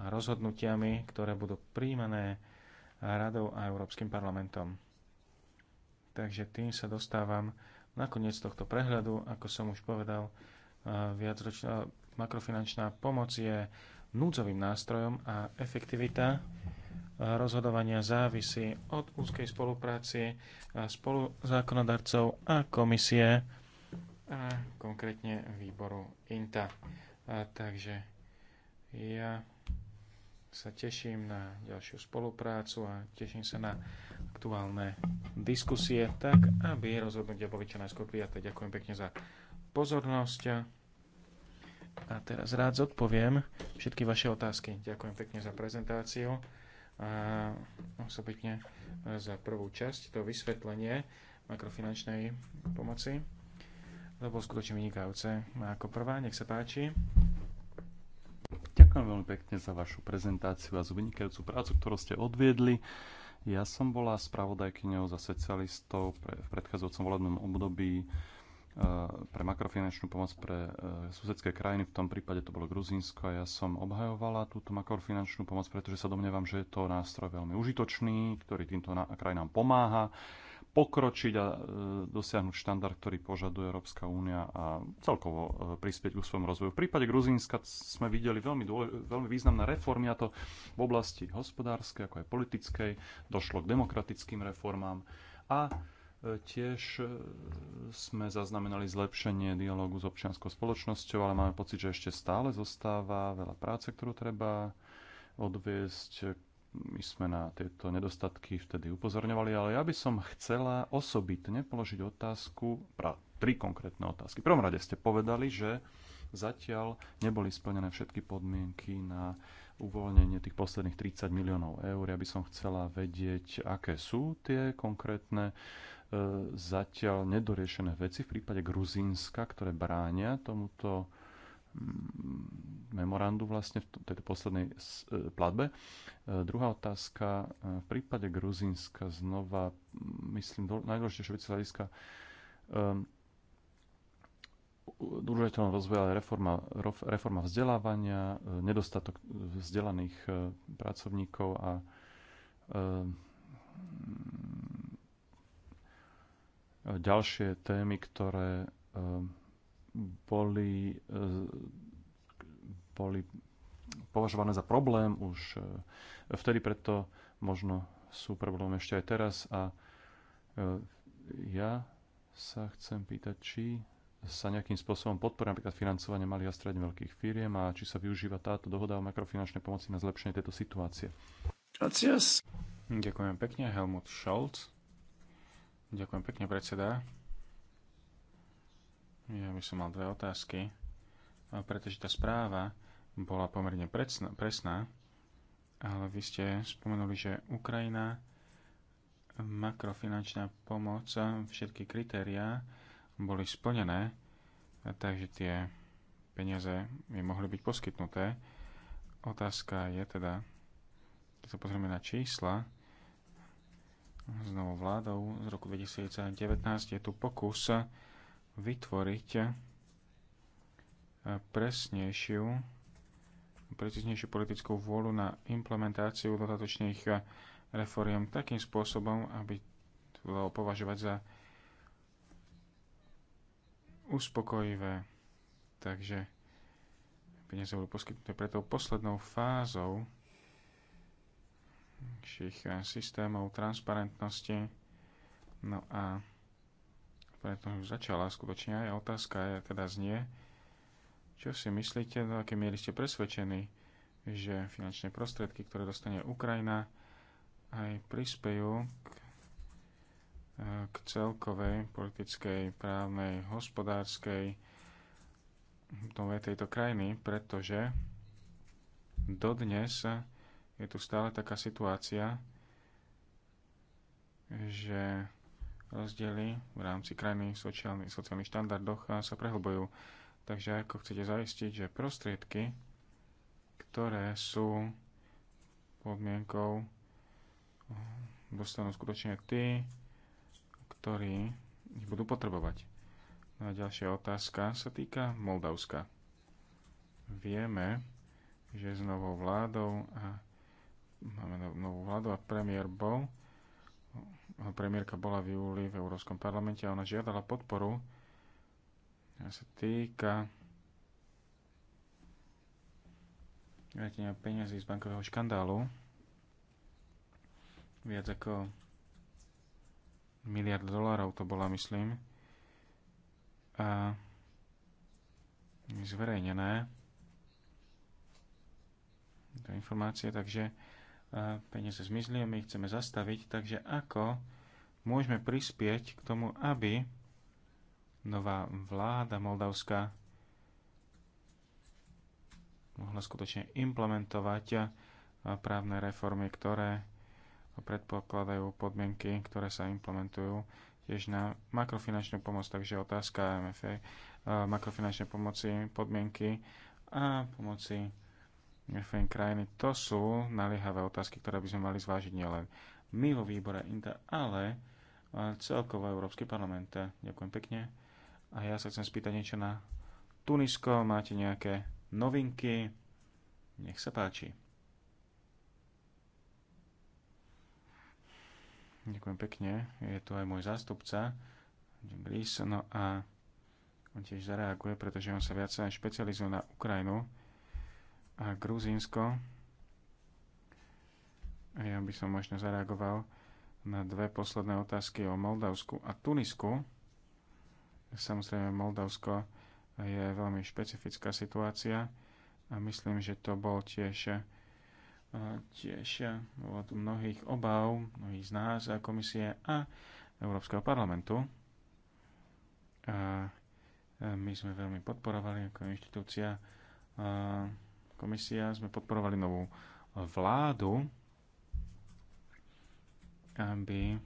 a rozhodnutiami, ktoré budú príjmané Radou a Európskym parlamentom. Takže tým sa dostávam na koniec tohto prehľadu. Ako som už povedal, eh, viacročná makrofinančná pomoc je núdzovým nástrojom a efektivita eh, rozhodovania závisí od úzkej spolupráci eh, spolu zákonodarcov a komisie a konkrétne výboru INTA. A takže ja sa teším na ďalšiu spoluprácu a teším sa na aktuálne diskusie, tak aby rozhodnutia boli čo najskôr prijaté. Ďakujem pekne za pozornosť a teraz rád zodpoviem všetky vaše otázky. Ďakujem pekne za prezentáciu a osobitne za prvú časť, to vysvetlenie makrofinančnej pomoci. To bolo skutočne vynikajúce. ako prvá, nech sa páči. Ďakujem veľmi pekne za vašu prezentáciu a za vynikajúcu prácu, ktorú ste odviedli. Ja som bola spravodajkyňou za socialistov pre, v predchádzajúcom volebnom období e, pre makrofinančnú pomoc pre e, susedské krajiny, v tom prípade to bolo Gruzínsko a ja som obhajovala túto makrofinančnú pomoc, pretože sa domnievam, že je to nástroj veľmi užitočný, ktorý týmto krajinám pomáha pokročiť a e, dosiahnuť štandard, ktorý požaduje Európska únia a celkovo e, prispieť k svojom rozvoju. V prípade Gruzínska sme videli veľmi, dôle, veľmi významné reformy, a to v oblasti hospodárskej, ako aj politickej. Došlo k demokratickým reformám a e, tiež sme zaznamenali zlepšenie dialogu s občianskou spoločnosťou, ale máme pocit, že ešte stále zostáva veľa práce, ktorú treba odviesť my sme na tieto nedostatky vtedy upozorňovali, ale ja by som chcela osobitne položiť otázku, pra, tri konkrétne otázky. V prvom rade ste povedali, že zatiaľ neboli splnené všetky podmienky na uvoľnenie tých posledných 30 miliónov eur. Ja by som chcela vedieť, aké sú tie konkrétne e, zatiaľ nedoriešené veci v prípade Gruzínska, ktoré bránia tomuto Mm, memorandu vlastne v tejto poslednej e, platbe. E, druhá otázka. E, v prípade Gruzínska znova, myslím, najdôležitejšie veci hľadiska udržateľného rozvoja reforma, reforma vzdelávania, nedostatok vzdelaných pracovníkov a ďalšie témy, ktoré boli, e, boli považované za problém už e, vtedy, preto možno sú problém ešte aj teraz. A e, ja sa chcem pýtať, či sa nejakým spôsobom podporuje napríklad financovanie malých a stredne veľkých firiem a či sa využíva táto dohoda o makrofinančnej pomoci na zlepšenie tejto situácie. Ďakujem pekne, Helmut Scholz. Ďakujem pekne, predseda. Ja by som mal dve otázky, pretože tá správa bola pomerne presná, presná ale vy ste spomenuli, že Ukrajina makrofinančná pomoc, a všetky kritériá boli splnené, takže tie peniaze by mohli byť poskytnuté. Otázka je teda, keď sa pozrieme na čísla, znovu vládou z roku 2019 je tu pokus vytvoriť eh, presnejšiu, preciznejšiu politickú vôľu na implementáciu dodatočných eh, reforiem takým spôsobom, aby to bolo považovať za uspokojivé. Takže peniaze budú poskytnuté tou poslednou fázou našich eh, systémov transparentnosti. No a preto už začala skutočne aj otázka je, teda znie, čo si myslíte, do akej miery ste presvedčení, že finančné prostriedky, ktoré dostane Ukrajina, aj prispejú k, k celkovej politickej, právnej, hospodárskej dome tejto krajiny, pretože dodnes je tu stále taká situácia, že rozdiely v rámci krajiny sociálnych, sociálnych štandardoch sa prehlbujú. Takže ako chcete zaistiť, že prostriedky, ktoré sú podmienkou, dostanú skutočne tí, ktorí ich budú potrebovať. No a ďalšia otázka sa týka Moldavska. Vieme, že s novou vládou a máme no, novú vládu a premiér bol premiérka bola v júli v Európskom parlamente a ona žiadala podporu, ktorá sa týka vrátenia peniazy z bankového škandálu viac ako miliard dolárov to bola, myslím. A zverejnené to informácie, takže peniaze zmizli a my ich chceme zastaviť, takže ako môžeme prispieť k tomu, aby nová vláda Moldavska mohla skutočne implementovať právne reformy, ktoré predpokladajú podmienky, ktoré sa implementujú tiež na makrofinančnú pomoc. Takže otázka MFA, e, makrofinančnej pomoci, podmienky a pomoci FN krajiny. To sú naliehavé otázky, ktoré by sme mali zvážiť nielen my vo výbore INTA, ale e, celkovo Európsky parlament. Ďakujem pekne. A ja sa chcem spýtať niečo na Tunisko. Máte nejaké novinky? Nech sa páči. Ďakujem pekne. Je tu aj môj zástupca, Jim No a on tiež zareaguje, pretože on sa viac špecializuje na Ukrajinu a Gruzínsko. A ja by som možno zareagoval na dve posledné otázky o Moldavsku a Tunisku. Samozrejme, Moldavsko je veľmi špecifická situácia a myslím, že to bol tiež e, tiež od mnohých obav, mnohých z nás a komisie a Európskeho parlamentu. A e, my sme veľmi podporovali ako inštitúcia komisia, sme podporovali novú vládu, aby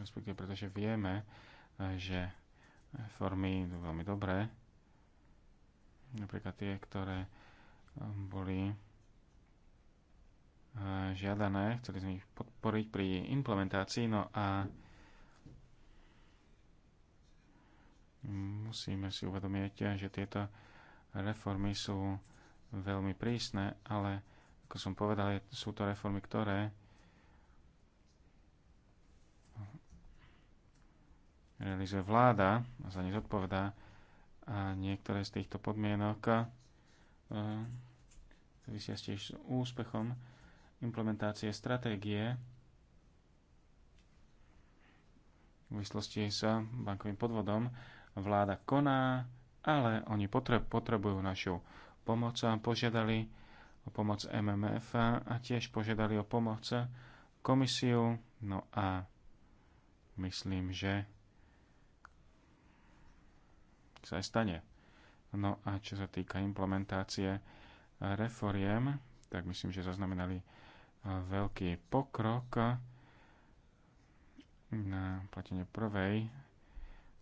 respektíve pretože vieme, že formy sú veľmi dobré, napríklad tie, ktoré um, boli uh, žiadané, chceli sme ich podporiť pri implementácii, no a musíme si uvedomiť, že tieto reformy sú veľmi prísne, ale ako som povedal, sú to reformy, ktoré realizuje vláda a za ne zodpovedá a niektoré z týchto podmienok e, súvisia tiež s úspechom implementácie stratégie v súvislosti s bankovým podvodom vláda koná, ale oni potrebujú našu pomoc a požiadali o pomoc MMF a tiež požiadali o pomoc komisiu. No a myslím, že sa aj stane. No a čo sa týka implementácie reforiem, tak myslím, že zaznamenali veľký pokrok na platenie prvej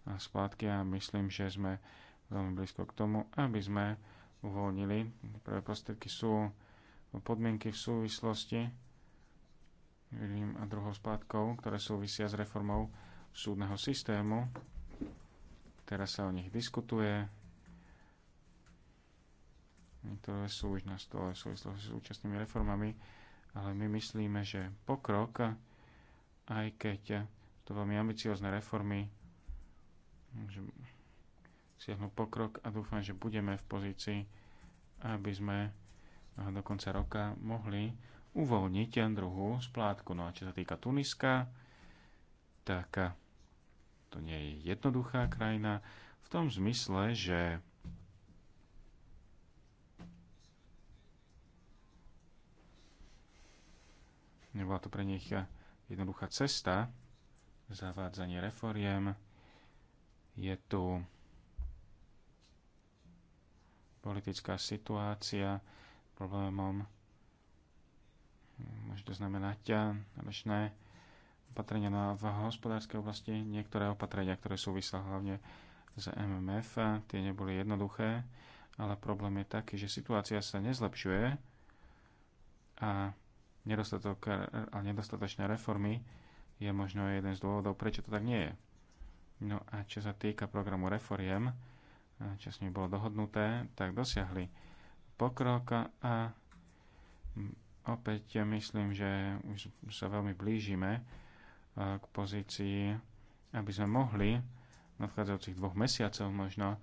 a splátky a myslím, že sme veľmi blízko k tomu, aby sme uvoľnili. Prvé prostriedky sú podmienky v súvislosti a druhou splátkou, ktoré súvisia s reformou súdneho systému. Teraz sa o nich diskutuje. Niektoré sú už na stole v súvislosti s súčasnými reformami, ale my myslíme, že pokrok, aj keď to veľmi ambiciozne reformy, Takže siahnu pokrok a dúfam, že budeme v pozícii, aby sme do konca roka mohli uvoľniť druhú splátku. No a čo sa týka Tuniska, tak to nie je jednoduchá krajina v tom zmysle, že nebola to pre nich jednoduchá cesta zavádzanie reforiem, je tu politická situácia problémom môže to znamenať eh, rečné opatrenia na, v hospodárskej oblasti. Niektoré opatrenia, ktoré súvislia hlavne z MMF, eh, tie neboli jednoduché, ale problém je taký, že situácia sa nezlepšuje a, nedostatok, eh, a nedostatočné reformy je možno jeden z dôvodov, prečo to tak nie je. No a čo sa týka programu reforiem, čo s nimi bolo dohodnuté, tak dosiahli pokrok a mm, opäť myslím, že už sa veľmi blížime k pozícii, aby sme mohli v nadchádzajúcich dvoch mesiacov možno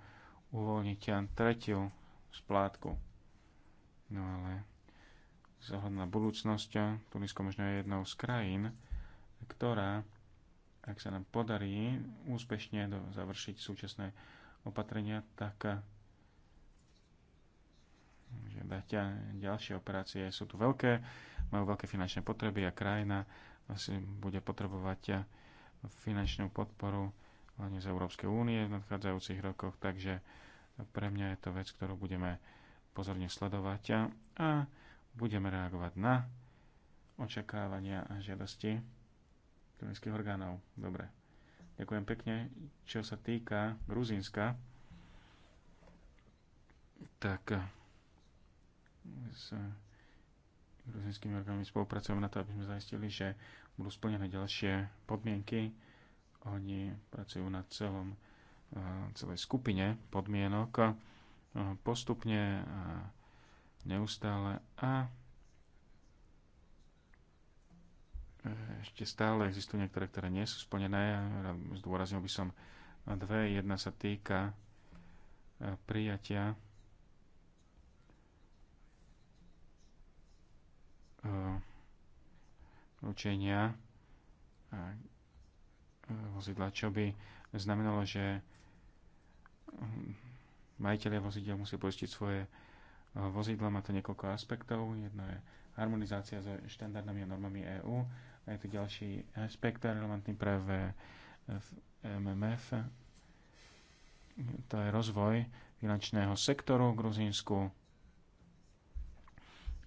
uvoľniť tretiu splátku. No ale zohľad budúcnosť, Tunisko možno je jednou z krajín, ktorá ak sa nám podarí úspešne do, završiť súčasné opatrenia, tak eh, že dať ďalšie operácie sú tu veľké, majú veľké finančné potreby a krajina asi bude potrebovať eh, finančnú podporu hlavne z Európskej únie v nadchádzajúcich rokoch, takže pre mňa je to vec, ktorú budeme pozorne sledovať eh, a budeme reagovať na očakávania a žiadosti ukrajinských orgánov. Dobre. Ďakujem pekne. Čo sa týka Gruzínska, tak eh, s gruzínskymi orgánmi spolupracujem na to, aby sme zaistili, že budú splnené ďalšie podmienky. Oni pracujú na celom, eh, celej skupine podmienok eh, postupne a neustále a ešte stále existujú niektoré, ktoré nie sú splnené. Zdôraznil by som dve. Jedna sa týka e, prijatia učenia e, e, vozidla, čo by znamenalo, že mm, majiteľe vozidel musí poistiť svoje vozidla. Má to niekoľko aspektov. Jedno je harmonizácia so štandardami a normami EÚ je to ďalší aspekt relevantný práve v MMF. To je rozvoj finančného sektoru v Gruzínsku.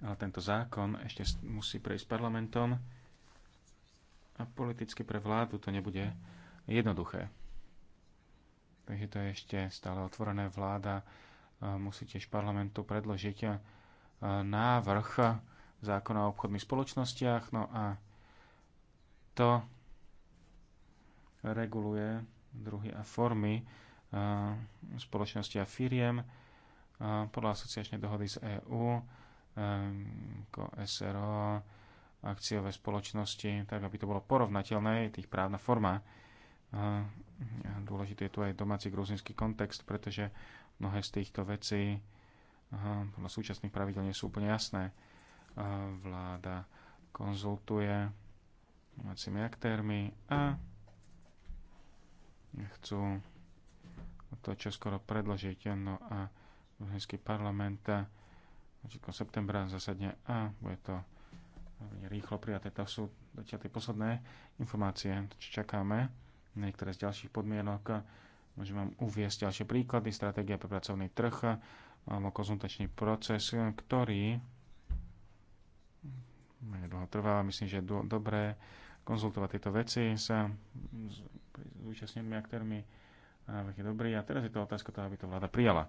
Ale tento zákon ešte musí prejsť parlamentom a politicky pre vládu to nebude jednoduché. Takže to je ešte stále otvorené. Vláda e, musí tiež parlamentu predložiť e, návrh zákona o obchodných spoločnostiach. No a to reguluje druhy a formy e, spoločnosti a firiem e, podľa asociačnej dohody z EÚ, e, ako SRO, akciové spoločnosti, tak aby to bolo porovnateľné, tých právna forma. Dôležitý je tu aj domáci gruzinský kontext, pretože mnohé z týchto vecí podľa súčasných pravidel nie sú úplne jasné. Vláda konzultuje domácimi aktérmi a chcú to čo skoro predložiť. No a Európsky parlament začiatkom septembra zasadne a bude to rýchlo prijaté. To sú zatiaľ tie posledné informácie, čo čakáme. Niektoré z ďalších podmienok môžem vám uviesť ďalšie príklady. Stratégia pre pracovný trh alebo konzultačný proces, ktorý dlho trvá, myslím, že je do, dobré konzultovať tieto veci sa s účastnými aktérmi. Návrh je dobrý a teraz je to otázka toho, aby to vláda prijala.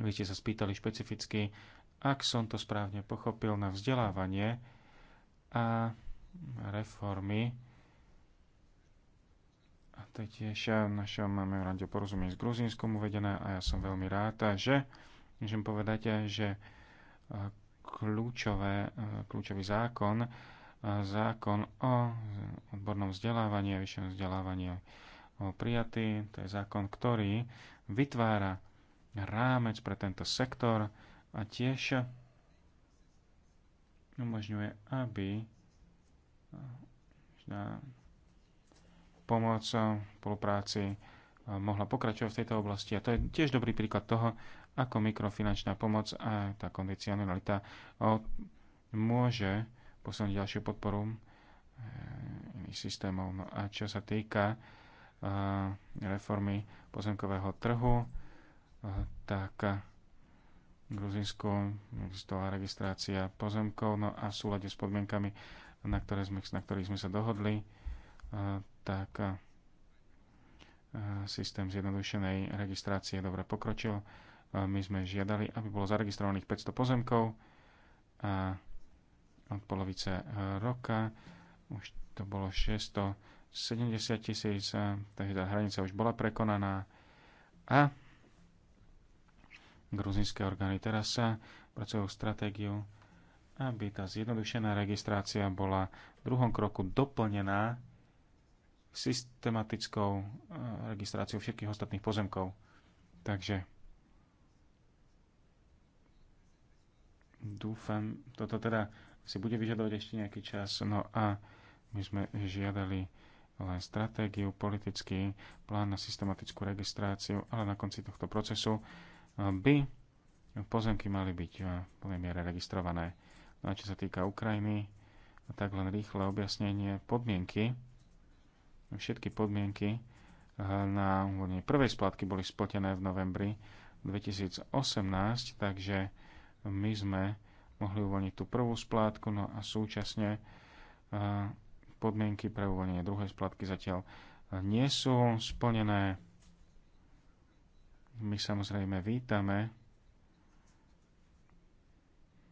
Vy ste sa spýtali špecificky, ak som to správne pochopil, na vzdelávanie a reformy. A to je tiež v našom memorande porozumie s Gruzínskom uvedené a ja som veľmi rád, že môžem povedať, že e, kľúčové, e, kľúčový zákon zákon o odbornom vzdelávaní a vyššom vzdelávaní prijatý. To je zákon, ktorý vytvára rámec pre tento sektor a tiež umožňuje, aby pomoc spolupráci e, mohla pokračovať v tejto oblasti. A to je tiež dobrý príklad toho, ako mikrofinančná pomoc a tá kondicionalita môže posunúť ďalšiu podporu eh, iných systémov. No a čo sa týka eh, reformy pozemkového trhu, eh, tak v Gruzinsku existovala registrácia pozemkov no a v súlade s podmienkami, na, ktoré sme, na ktorých sme sa dohodli, tak systém zjednodušenej registrácie dobre pokročil. My sme žiadali, aby bolo zaregistrovaných 500 pozemkov a od polovice e, roka. Už to bolo 670 tisíc, e, takže tá hranica už bola prekonaná. A gruzinské orgány teraz sa e, pracujú stratégiu, aby tá zjednodušená registrácia bola v druhom kroku doplnená systematickou registráciou všetkých ostatných pozemkov. Takže dúfam, toto teda si bude vyžadovať ešte nejaký čas. No a my sme žiadali len stratégiu, politický plán na systematickú registráciu, ale na konci tohto procesu eh, by pozemky mali byť eh, v plnej miere registrované. No a čo sa týka Ukrajiny, tak len rýchle objasnenie podmienky. Všetky podmienky eh, na úvodne prvej splátky boli splatené v novembri 2018, takže my sme mohli uvoľniť tú prvú splátku, no a súčasne e, podmienky pre uvoľnenie druhej splátky zatiaľ e, nie sú splnené. My samozrejme vítame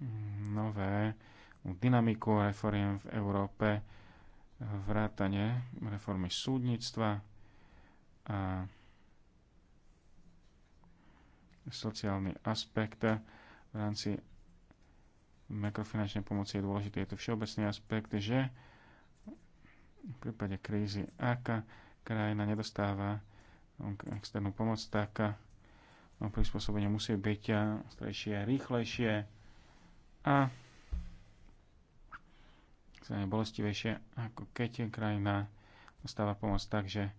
mm, nové dynamiku reforiem v Európe, vrátane reformy súdnictva a sociálny aspekt v rámci makrofinančnej pomoci je dôležitý. Je to všeobecný aspekt, že v prípade krízy, aká krajina nedostáva externú pomoc, tak no, prispôsobenie musí byť a rýchlejšie a bolestivejšie, ako keď krajina dostáva pomoc. Takže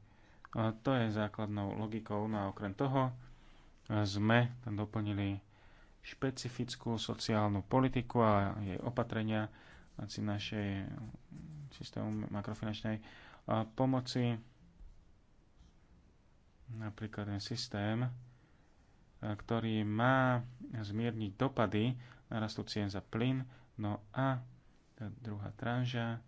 to je základnou logikou. No a okrem toho sme tam doplnili špecifickú sociálnu politiku a jej opatrenia v rámci našej mm, systému makrofinančnej pomoci. Napríklad ten systém, ktorý má zmierniť dopady narastu cien za plyn. No a tá druhá tranža,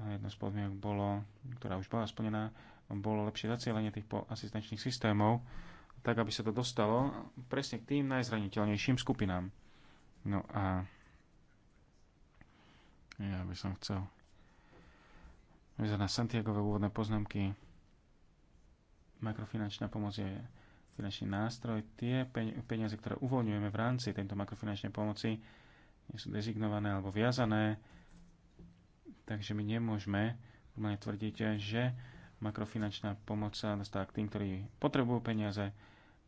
jedna z podmienok bolo, ktorá už bola splnená, bolo lepšie zacielenie tých asistenčných systémov tak aby sa to dostalo presne k tým najzraniteľnejším skupinám. No a ja by som chcel vyzerať na Santiagové úvodné poznámky. Makrofinančná pomoc je finančný nástroj. Tie peniaze, ktoré uvoľňujeme v rámci tejto makrofinančnej pomoci, nie sú dezignované alebo viazané, takže my nemôžeme tvrdiť, že makrofinančná pomoc sa dostáva k tým, ktorí potrebujú peniaze,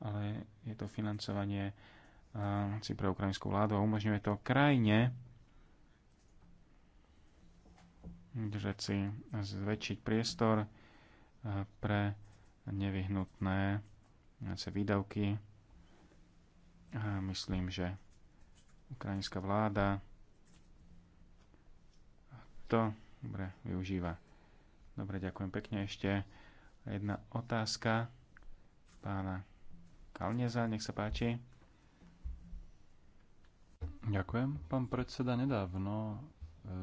ale je to financovanie eh, si pre ukrajinskú vládu a umožňuje to krajine držať si eh, zväčšiť priestor eh, pre nevyhnutné výdavky. myslím, že ukrajinská vláda to dobre využíva. Dobre, ďakujem pekne. Ešte jedna otázka pána Kalneza, nech sa páči. Ďakujem. Pán predseda, nedávno e,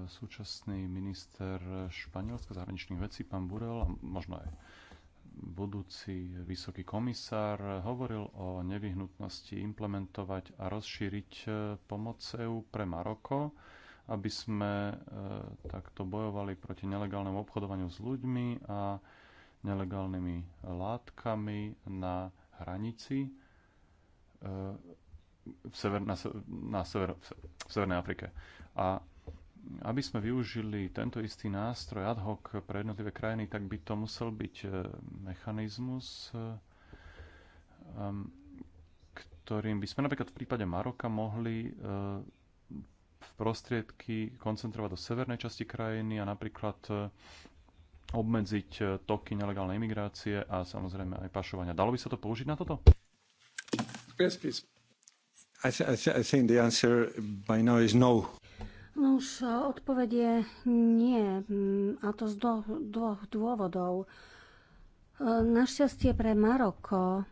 súčasný minister Španielska zahraničných vecí, pán Burel, a možno aj budúci vysoký komisár, hovoril o nevyhnutnosti implementovať a rozšíriť e, pomoc EÚ pre Maroko, aby sme e, takto bojovali proti nelegálnemu obchodovaniu s ľuďmi a nelegálnymi látkami na hranici e, v, sever, na, na sever, v Severnej Afrike. A aby sme využili tento istý nástroj ad hoc pre jednotlivé krajiny, tak by to musel byť e, mechanizmus, e, ktorým by sme napríklad v prípade Maroka mohli v prostriedky koncentrovať do severnej časti krajiny a napríklad obmedziť e, toky nelegálnej imigrácie a samozrejme aj pašovania. Dalo by sa to použiť na toto? Yes, please. I, th- I, th- I think the answer by now is no. No už e, odpoveď je nie, mm, a to z dvoch dôvodov. E, našťastie pre Maroko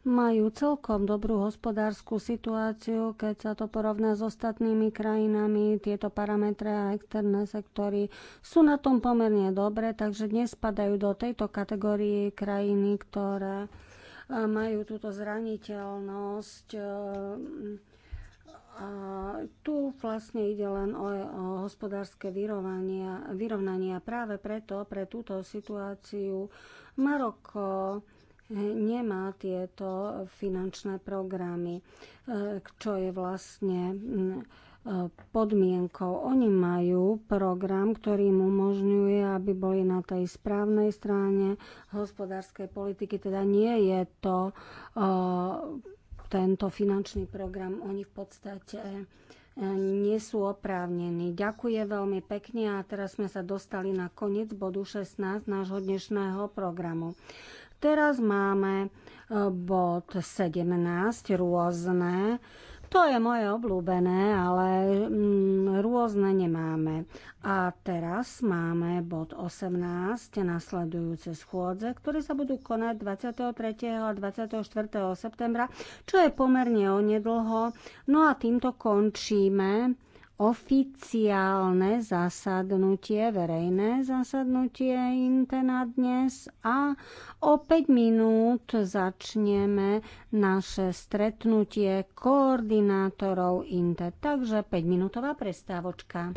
majú celkom dobrú hospodárskú situáciu, keď sa to porovná s ostatnými krajinami. Tieto parametre a externé sektory sú na tom pomerne dobre, takže dnes spadajú do tejto kategórie krajiny, ktoré e, majú túto zraniteľnosť. E, a tu vlastne ide len o, o hospodárske vyrovnanie. vyrovnania. Práve preto pre túto situáciu Maroko nemá tieto finančné programy, eh, čo je vlastne mm, eh, podmienkou. Oni majú program, ktorý im umožňuje, aby boli na tej správnej strane hospodárskej politiky. Teda nie je to eh, tento finančný program. Oni v podstate nie sú oprávnení. Ďakujem veľmi pekne a teraz sme sa dostali na koniec bodu 16 nášho dnešného programu. Teraz máme e, bod 17 rôzne. To je moje obľúbené, ale mm, rôzne nemáme. A teraz máme bod 18 nasledujúce schôdze, ktoré sa budú konať 23. a 24. septembra, čo je pomerne onedlho. No a týmto končíme oficiálne zasadnutie, verejné zasadnutie Intena dnes a o 5 minút začneme naše stretnutie koordinátorov Inte. Takže 5 minútová prestávočka.